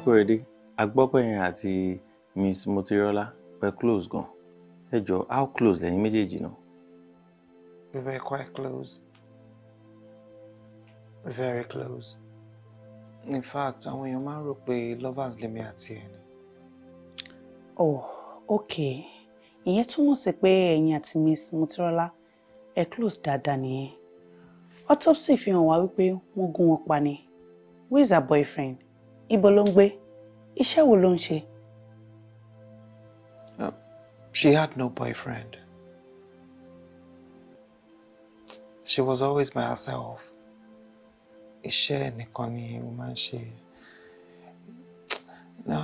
akọ́rẹ́dé a gbọ́ pẹ̀yìn àti miss motirola pé close gan ẹ jọ how close lẹ́yìn méjèèjì náà. we were quite close very close in fact àwọn èèyàn máa ń rò pé lovers lèmi àti ẹ̀ ni. oh okay ìyẹn túmọ̀ sí pé ẹ̀yin àti miss motirola ẹ close dáadáa nìyẹn autopsy fi hàn wá wípé wọ́n gún wọn pa ni who is her boyfriend ibo ló ń gbé iṣẹ́ wo ló ń ṣe. Um, she had no boyfriend. She was always by herself. Iṣẹ́ nìkan ni mo máa ń ṣe. No,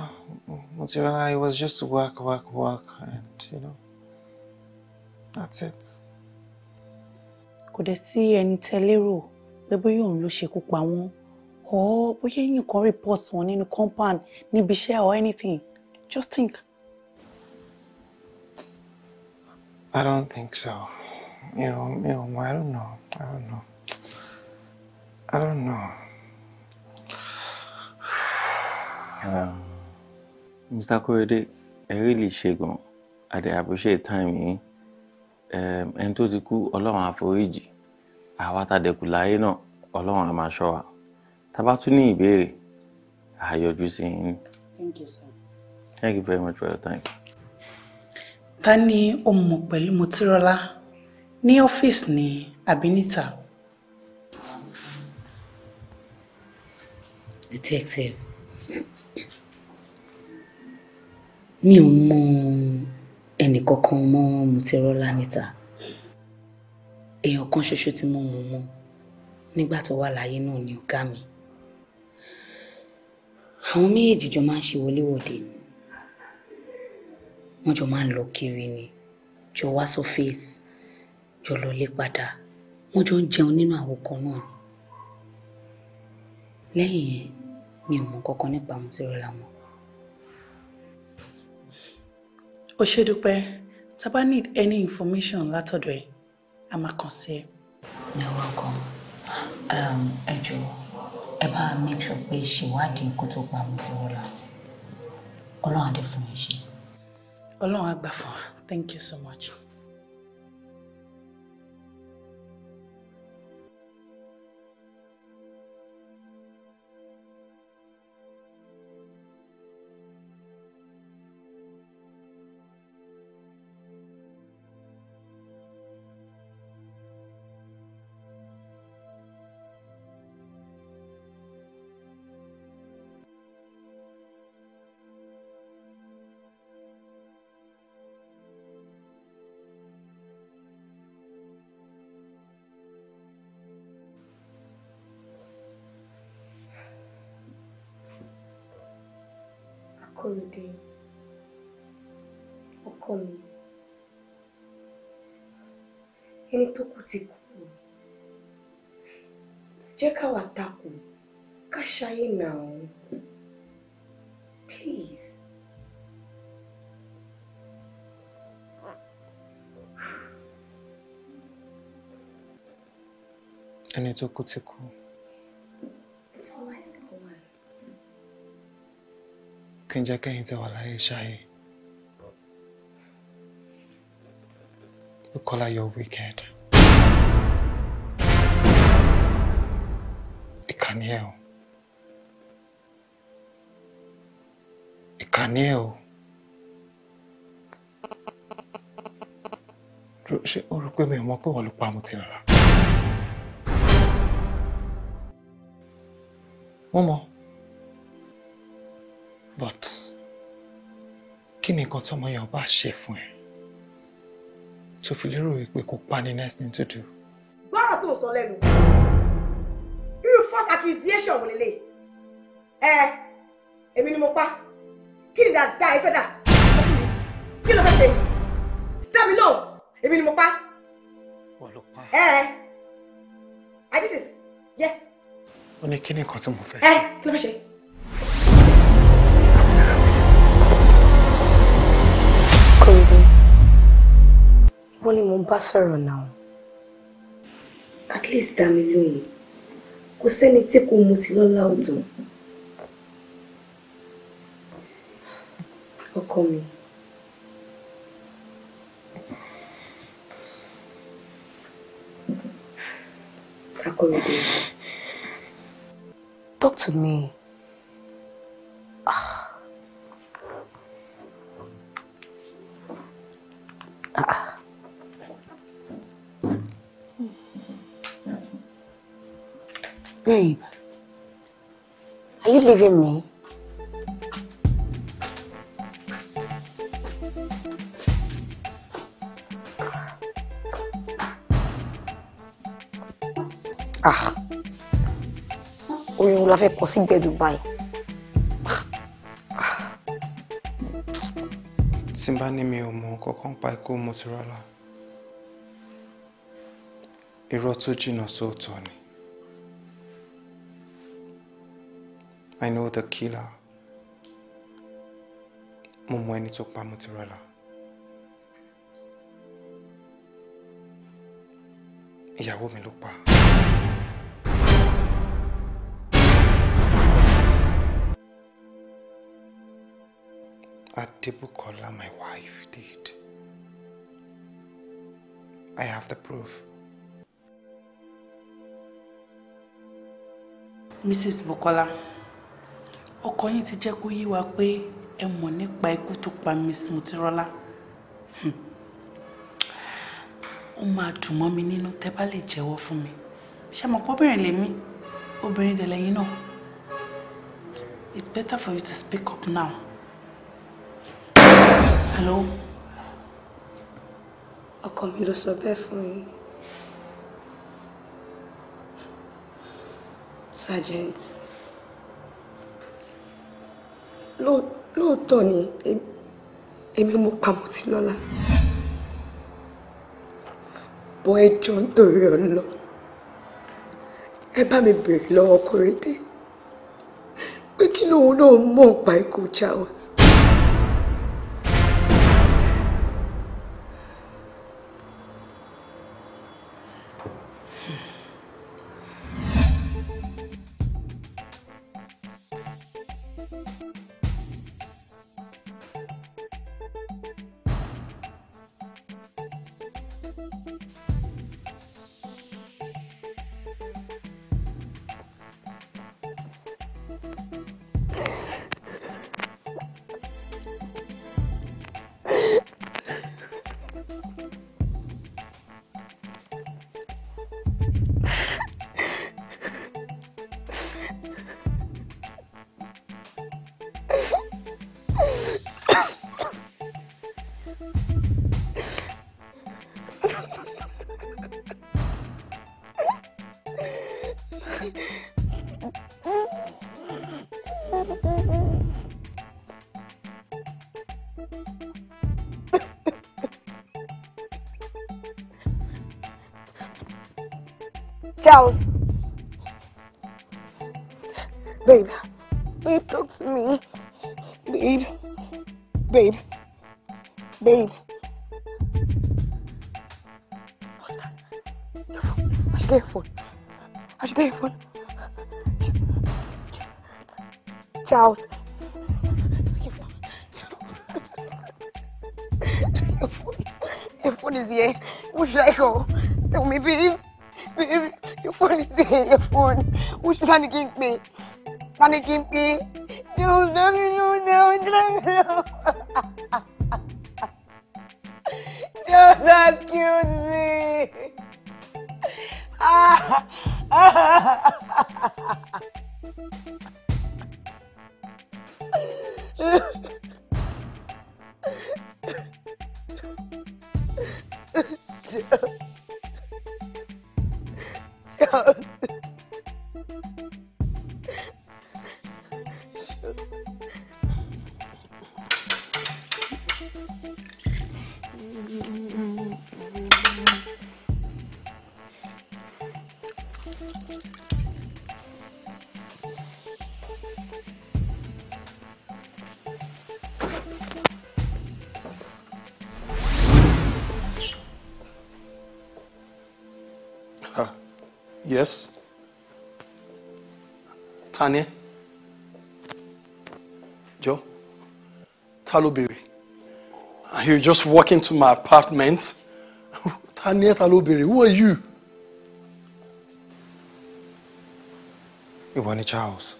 Motorola, it was just work, work, work, and you know, that's it. Kò dẹ̀ sí ẹni tẹ́lérò pé bóyá òun ló ṣekú pa wọ́n or bóyá ẹ̀yìn kan report wọn nínú compound níbi iṣẹ́ or anything just think. I don't think so. You know, you know, I don't know. I don't know. I don't know. Um, Mr. Korede, ẹ rí lè I dey appreciate time yìí. Ẹni tó ti kú, Ọlọ́run àforíjì. Àwa tá a dẹ̀kù láyé náà, Ọlọ́run á máa ṣọ́ wa tá a bá tún ní ìbéèrè a sí yín. thank you sir. thank you very much for your time. ta ni o mọ̀ pẹ̀lú Motírọ́lá ní ọ́fíìsì ní àbí detective mi ò mọ ẹnìkankan mọ Motírọ́lá níta èèyàn kan ṣoṣo tí mo mọ̀ mọ́ nígbà tó wà láyé náà ni ọ̀gá mi àwọn méjèèjì jọ máa ń ṣe wọléwọ̀de ni wọ́n jọ máa ń lọ kiri ni jọ wá sọ́fíìsì jọ lọlé padà wọ́n jọ ń jẹun nínú àwòkọ náà ni lẹ́yìn yẹn mi ò mọ kankan nípa Motírọ́lá mọ́. ó ṣe dúpẹ́ tá need any information látọ̀dọ̀ ẹ̀ a máa kàn sí ẹ. You're welcome. Um, ẹ jọ̀wọ́ ẹ bá make sure pé ṣèwádìí kó tó pa Mutiwọlá ọlọ́run á fún yín ṣe. ọlọ́run á fún wa thank you so much. Kọ́ládé ọkọ mi ẹni tó kú ti kú jẹ́ káwa takò ká ṣayé nà ọ́n please. ẹni tó kú ti kú. ń jẹ́ kẹ́yìn tẹ wà láyé ṣáyé. Bukola, you're wicked. Ìkà ni ẹ́ o. Ìkà ni ẹ́ o. Ṣé o rò pé mi ò mọ̀ pé wọ́n ló pa Mutila? Wọ́n mọ̀. kí ni nǹkan tọmọ yẹn ọba ṣe fún ẹ tó fi lérò wípé kò pa ní next thing to do. gbọ́dọ̀ tó sọ lẹ́nu irú first accusation wò lélẹ̀ ẹ èmi ni mo pa kí ni dáadáa ẹ fẹ́ dà sọ kí ló fẹ́ ṣe dá lóhùn èmi ni mo pa. ẹ ẹ I did it yes. ó ní kí ni nǹkan tí mo fẹ́. ẹ kí ló fẹ́ ṣe. wọ́n ní mo bá sọ̀rọ̀ náà. at least dá mi lóye kò sẹ́ni tí kò mutí lọ́lá òdò. ọkọ mi. Akorede. Talk to me. Ah. Ah. Babe, are you leaving me? Ah, oh, la have kọ sí gbẹ̀dù báyìí. Ah. Ah. Tí mi ò mọ kankan pa ikú Motorola, irọ́ tó jìnnà sóòótọ́ ni. I know the killer. Mo mọ ẹni tó pa Motorola. Ìyàwó mi ló pa. Adibukola, my wife, did. I have the proof. Mrs. Bukola ọkọ yín ti jẹ́ kó yé wa pé ẹ mọ̀ nípa ikú tó pa miss Mutirola hmm. ó máa dùn mọ́ mi nínú tẹ́ bá lè jẹ́wọ́ fún mi ṣe mọ̀ pọ́bìnrin lèmi obìnrin dẹ̀ náà it's better for you to speak up now hello. ọkọ mi ló sọ bẹ́ẹ̀ fún yín. Sergeant lóòótọ́ ni èmi mo pa Mọ́tilọ́lá bọ́ ẹjọ́ nítorí ọlọ́ ẹ bá mi bèrè lọ́wọ́ Kórédé pé kí lòun náà mọ̀ pa ikú Charles. house. Babe, babe, talk to me. Babe, babe, babe. What's that? Your phone. Acho que é iPhone. Acho que é iPhone. Charles. iPhone. iPhone. iPhone is here. Wish I go. Tell me, babe. Your phone. ó ṣe fani kí n pè fani kí n pè jòhùn Talobere. And he would just walk into my apartment. Tanya Talobere, who are you? Iwani Charles.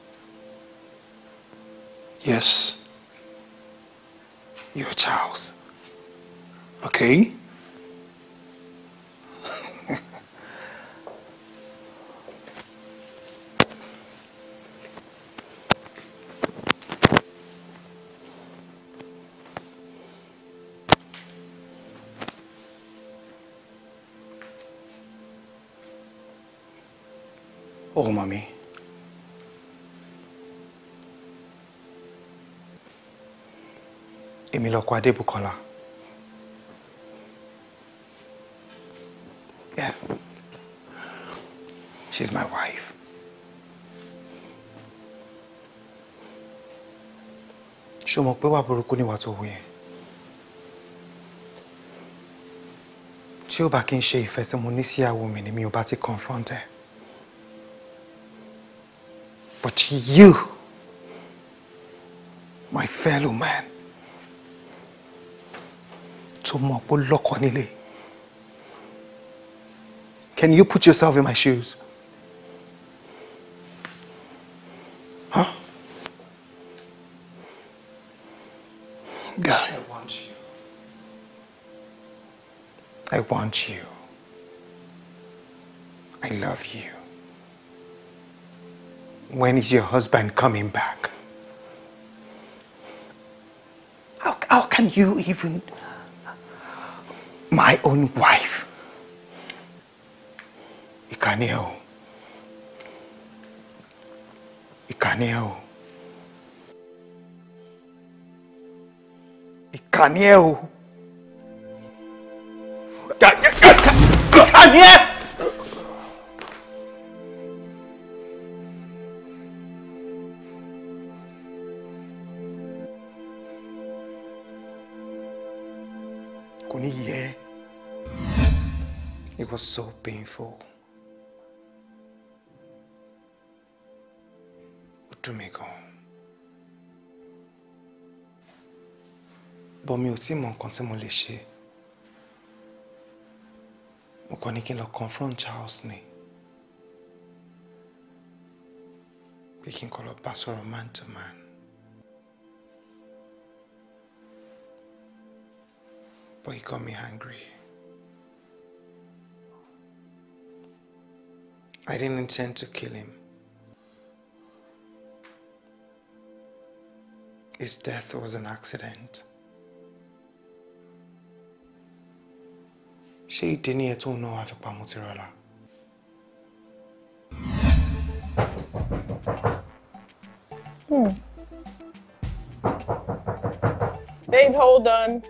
Yes. You're Charles. Okay. èmi lọ́kọ bukola. Yeah. She's my wife. ṣé o mọ̀ pé wà burúkú ni wà tó wù yẹn tí ó bá kí n ṣe ìfẹ́ tí mo ní sí ìyàwó mi ni mi ò bá ti confront ẹ but you my fellow man can you put yourself in my shoes? Huh? God, I want you. I want you. I love you. When is your husband coming back? How, how can you even my own wife. Ìkà ni ẹ́ o. Ìkà ni ẹ́ o. Ìkà ni ẹ́ was so painful. Utumiko. But mi ò tí mọ nǹkan tí mo lè ṣe. Mo kàn ní kí n lọ confront Charles ni. Pé kí n kọ́ lọ man to man. But he got me hungry. I didn't intend to kill him. His death was an accident. She didn't yet know wàá fi pa Motírọ́lá. Hmm. Babe, hold on.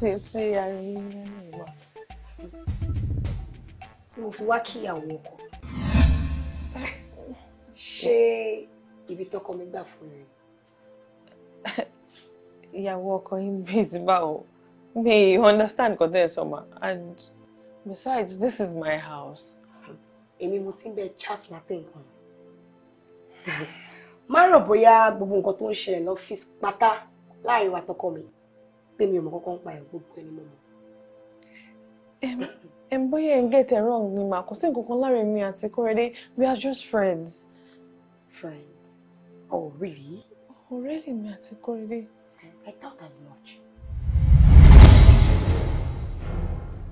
tí tí ariwo nínú wa. tí mo fi wá kíyàwó ọkọ ṣé ibi tọkọ mi gbà fún mi. ìyàwó ọkọ yín bíi ti understand kò tẹ́ ẹ and besides this is my house. èmi mo ti ń chat latte nǹkan má rò bóyá gbogbo nǹkan tó ń ṣẹlẹ̀ lọ́fíìsì pátá láàrin wa tọkọ mi pé mi ò mọ kọ́kọ́ ń pa ẹ̀ gbogbo ẹni mo mọ̀. ẹm bóyá ẹ̀ ń get it wrong ni mà kò sí nǹkan kan láàrin mi àti Kọ́rẹ́dé we are just friends. friends oh really. already oh, mi àti Kọ́rẹ́dé. I thought as much.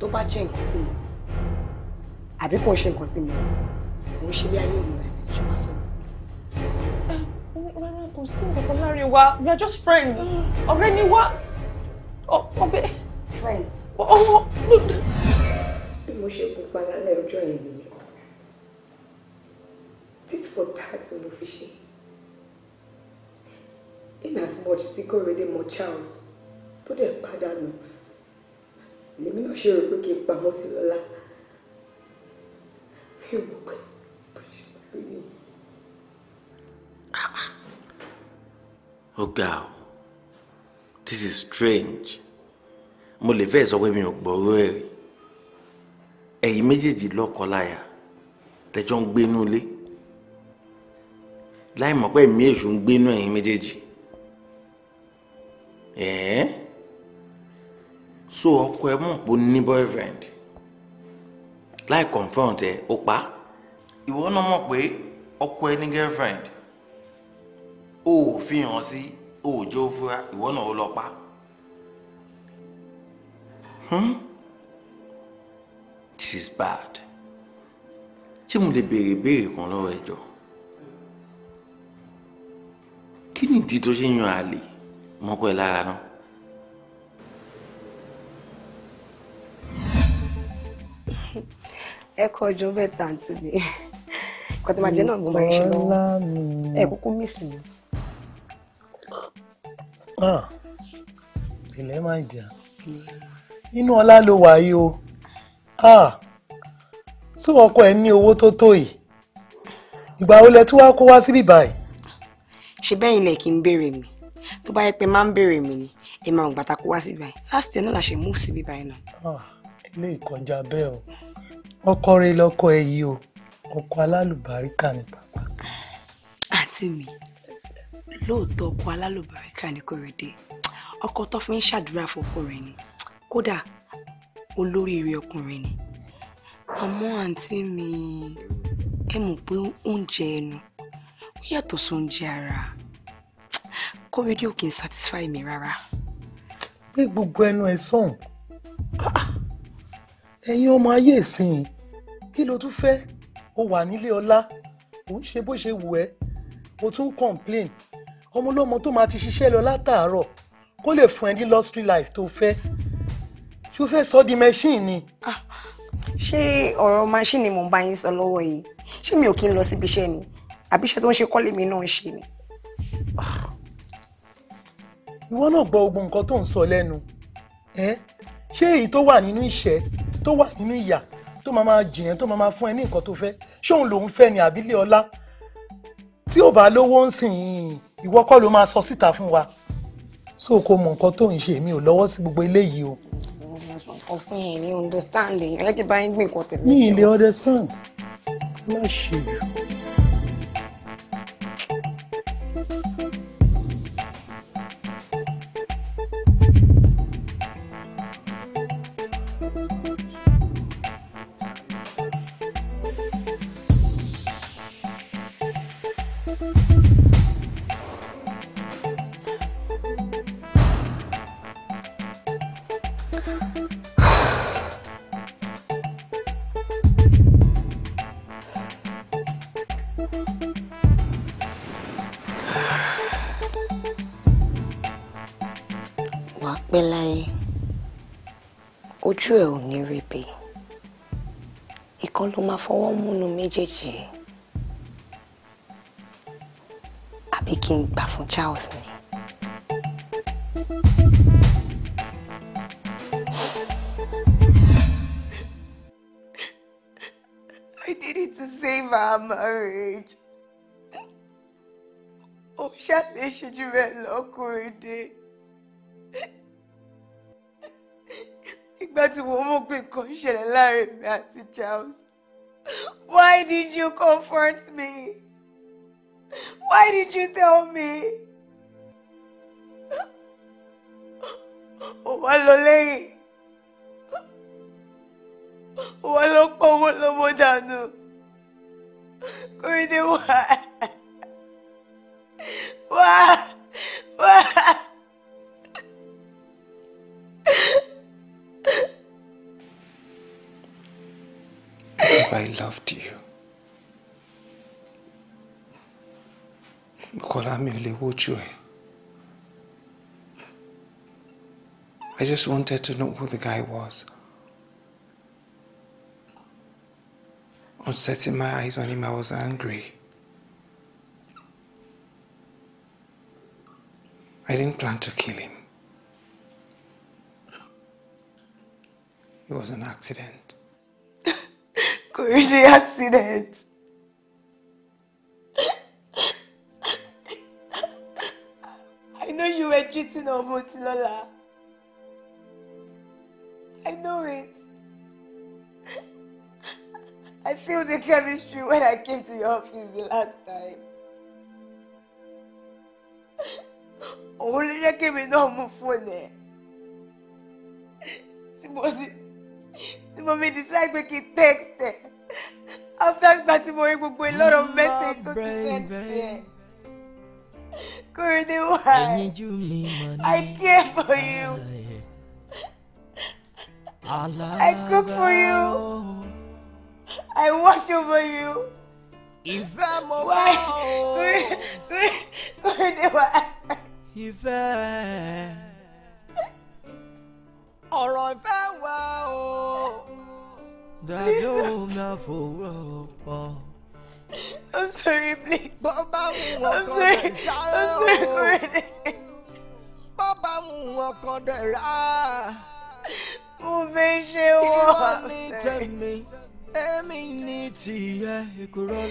tó bá jẹ́ nǹkan tí mo àbí kò ṣe nǹkan tí mo mò ń ṣe ní ayé ìrìn àti ìjọba sọ̀rọ̀. Rárá kò sí nǹkan kan láàrin wa we are just friends mm. ọ̀rẹ́ ni wá. Oh, okay. friends. Oh, lóde. Oh, oh, bí mo ṣe pupa lálẹ́ ọjọ́ yẹn nìyẹn tit for tat ni mo fi ṣe in as much tí kórede mọ Charles tó dẹ̀ pàdánù lèmi náà ṣe rò pé kí n pamọ́ sí lọ́la fi wò pé bó ṣe parí ni. ó ga ọ́ this is strange mo lè fẹ́ sọ pé mi ò gbọ́rọ̀ ẹ̀ rí ẹ̀yin méjèèjì lọ́kọláya tẹjọ́ ń gbénú ilé láì mọ̀ pé ẹ̀mí èṣù ń gbénú ẹ̀yin méjèèjì ẹ̀ẹ́n so ọkọ ẹ mọ̀ pé ó ní boyfriend láì confront ẹ ó pa ìwọ náà mọ̀ pé ọkọ ẹ ní girlfriend ó fi hàn sí. Si òòjọ́ fúra ìwọ náà ó lọ pa. Hmm? this is bad ṣé mo lè béèrè béèrè kan lọ́wọ́ ẹ jọ̀ọ́ kí ni ìdí tó ṣe ń yan àlè mọ́kọ ẹ lára náà. ẹ kọjú bẹ́ẹ̀ tàǹtì mi kọtẹmàjẹ náà mo máa ń ṣe lọ́wọ́ ẹ kúkú mí sí mi. Ah. ilẹ̀ máa ń jà inú ọlá ló wà yìí o sí ah. ọkọ ẹ ní owó tó tó yìí ìgbà wo lẹ tún wá kó wá síbí báyìí. ṣe bẹ́yìn lẹ̀ kí n béèrè mi tó bá yẹ pé máa ń béèrè mi ni ẹ máa gbàtà kó wá síbí báyìí last year náà la ṣe mú síbí báyìí náà. Ah. ilé ìkọjá bẹ́ẹ̀ o ọkọ rẹ lọkọ ẹ yìí o ọkọ alálùbáríkà ni bàbá. àǹtí mi lóòótọ́ ọkọ alálùbáríkà ní Kòrédé ọkọ tó fi ń ṣàdúrà fọ́kọ rẹ̀ ni kódà olóríire ọkùnrin ni àmọ́ àǹtí mi ẹ mọ̀ pé oúnjẹ ẹnu ó yàtọ̀ sí oúnjẹ ara Kòrédé ò kì í satisfy mi rárá. pé gbogbo ẹnu ẹ sàn ẹ̀yin ọmọ ayé ìsìn kí ló tún fẹ́ ó wà nílé ọlá òun ṣe bó ṣe wù ẹ́ o tún complain ọmọ ọlọ́mọ tó máa ti ṣiṣẹ́ lọ látàárọ̀ kó lè fún ẹ ní luxury life tó fẹ́ tó fẹ́ sọ di machine ni. Ah, ṣé ọ̀rọ̀ machine ni mò ń bá yín sọ lọ́wọ́ yìí ṣé mi ò kí ń lọ síbi iṣẹ́ ni àbí iṣẹ́ tó ń ṣe kọ́lé mi náà ń ṣe ni. Ah, ìwọ náà gbọ́ ogun nǹkan tó ń sọ lẹ́nu ẹ ṣé èyí tó wà nínú ìṣẹ́ tó wà nínú ìyà tó máa máa jìyàn tó máa máa fún ẹ ní nǹkan tó fẹ́ ṣóun lòun fẹ́ ni àbílẹ̀ ọlá tí ò bá lówó ń sìn yìí ìwọ kọ́ ló máa sọ síta fún wa so kò mọ nǹkan tó ń ṣe mi ò lọ́wọ́ sí gbogbo eléyìí o. ọkọ fún yẹn understanding ẹ jẹ́ báyìí gbìn kọ́ tẹ̀lé. mi ì lè understand má ṣe méjèèjì yìí àbí kí n gbà fún Charles ni. I did it to save our marriage. Ó ṣàlẹ̀ ṣojú rẹ̀ lọ́kùnrin dé. Nígbà tí wọ́n mọ̀ pé nǹkan ṣẹlẹ̀ láàrin mi àti Charles. Why did you comfort me? Why did you tell me? Wà lọ lẹ́yìn. Wà lọ pọ̀ wọ́n lọ́wọ́ dànù. Kúrídé wà. Wà. Wà. because I loved you. i mi le wojú I just wanted to know who the guy was. On setting my eyes on him, I was angry. I didn't plan to kill him. It was an accident. kò rí ṣe accident. I know you were cheating on Motilola. I know it. I feel the chemistry when I came to your office the last time. Only ló jẹ́ kí èmi náà mú fóònù ẹ̀. Tí mo tí mo fi decide pé kí text ẹ after gba tí mo rí gbogbo a lot of message to ti send ẹ Korede why I care for you I cook for you I watch over you ìfẹ́ mo wá o Korede why. ìfẹ́ ọ̀rọ̀ ìfẹ́ wá o dàbí òun máa fòwúrọ̀ pọ̀. I'm sorry, please. Bàbá mu wọn kan dẹ̀ sáré o. Bàbá mu wọn kan dẹ̀ rà. Mo fẹ́ ṣe wọ́n. Ìwọ ní tẹ̀mí, èmi ní tìyẹ́, ìkúrọ̀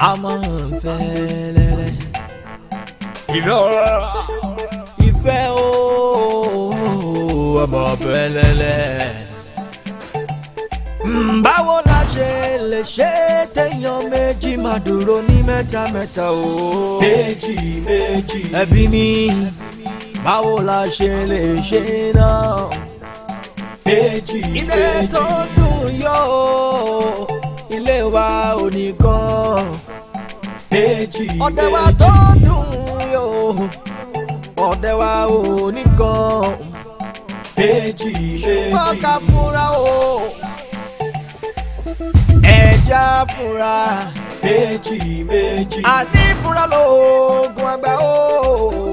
a máa ń fẹ́ lẹ́lẹ́. ìlọ́ra ìfẹ́ ooo a máa fẹ́ lẹ́lẹ́. Hmm, báwo la ṣe lè ṣe téèyàn méjì máa dúró ní mẹ́ta mẹ́ta ooo. méjì méjì. ẹbí mi báwo la ṣe lè ṣe náà. méjì méjì. ilé tó dùn yóò ilé wa ò ní gan méjì méjì. ọ̀dẹ̀ wa tó dùn yóò ọ̀dẹ̀ wa ò ní gan. méjì méjì. ṣùgbọ́n fúnra o ẹja fúnra. méjì méjì. àní fúnra lóògùn àgbà o.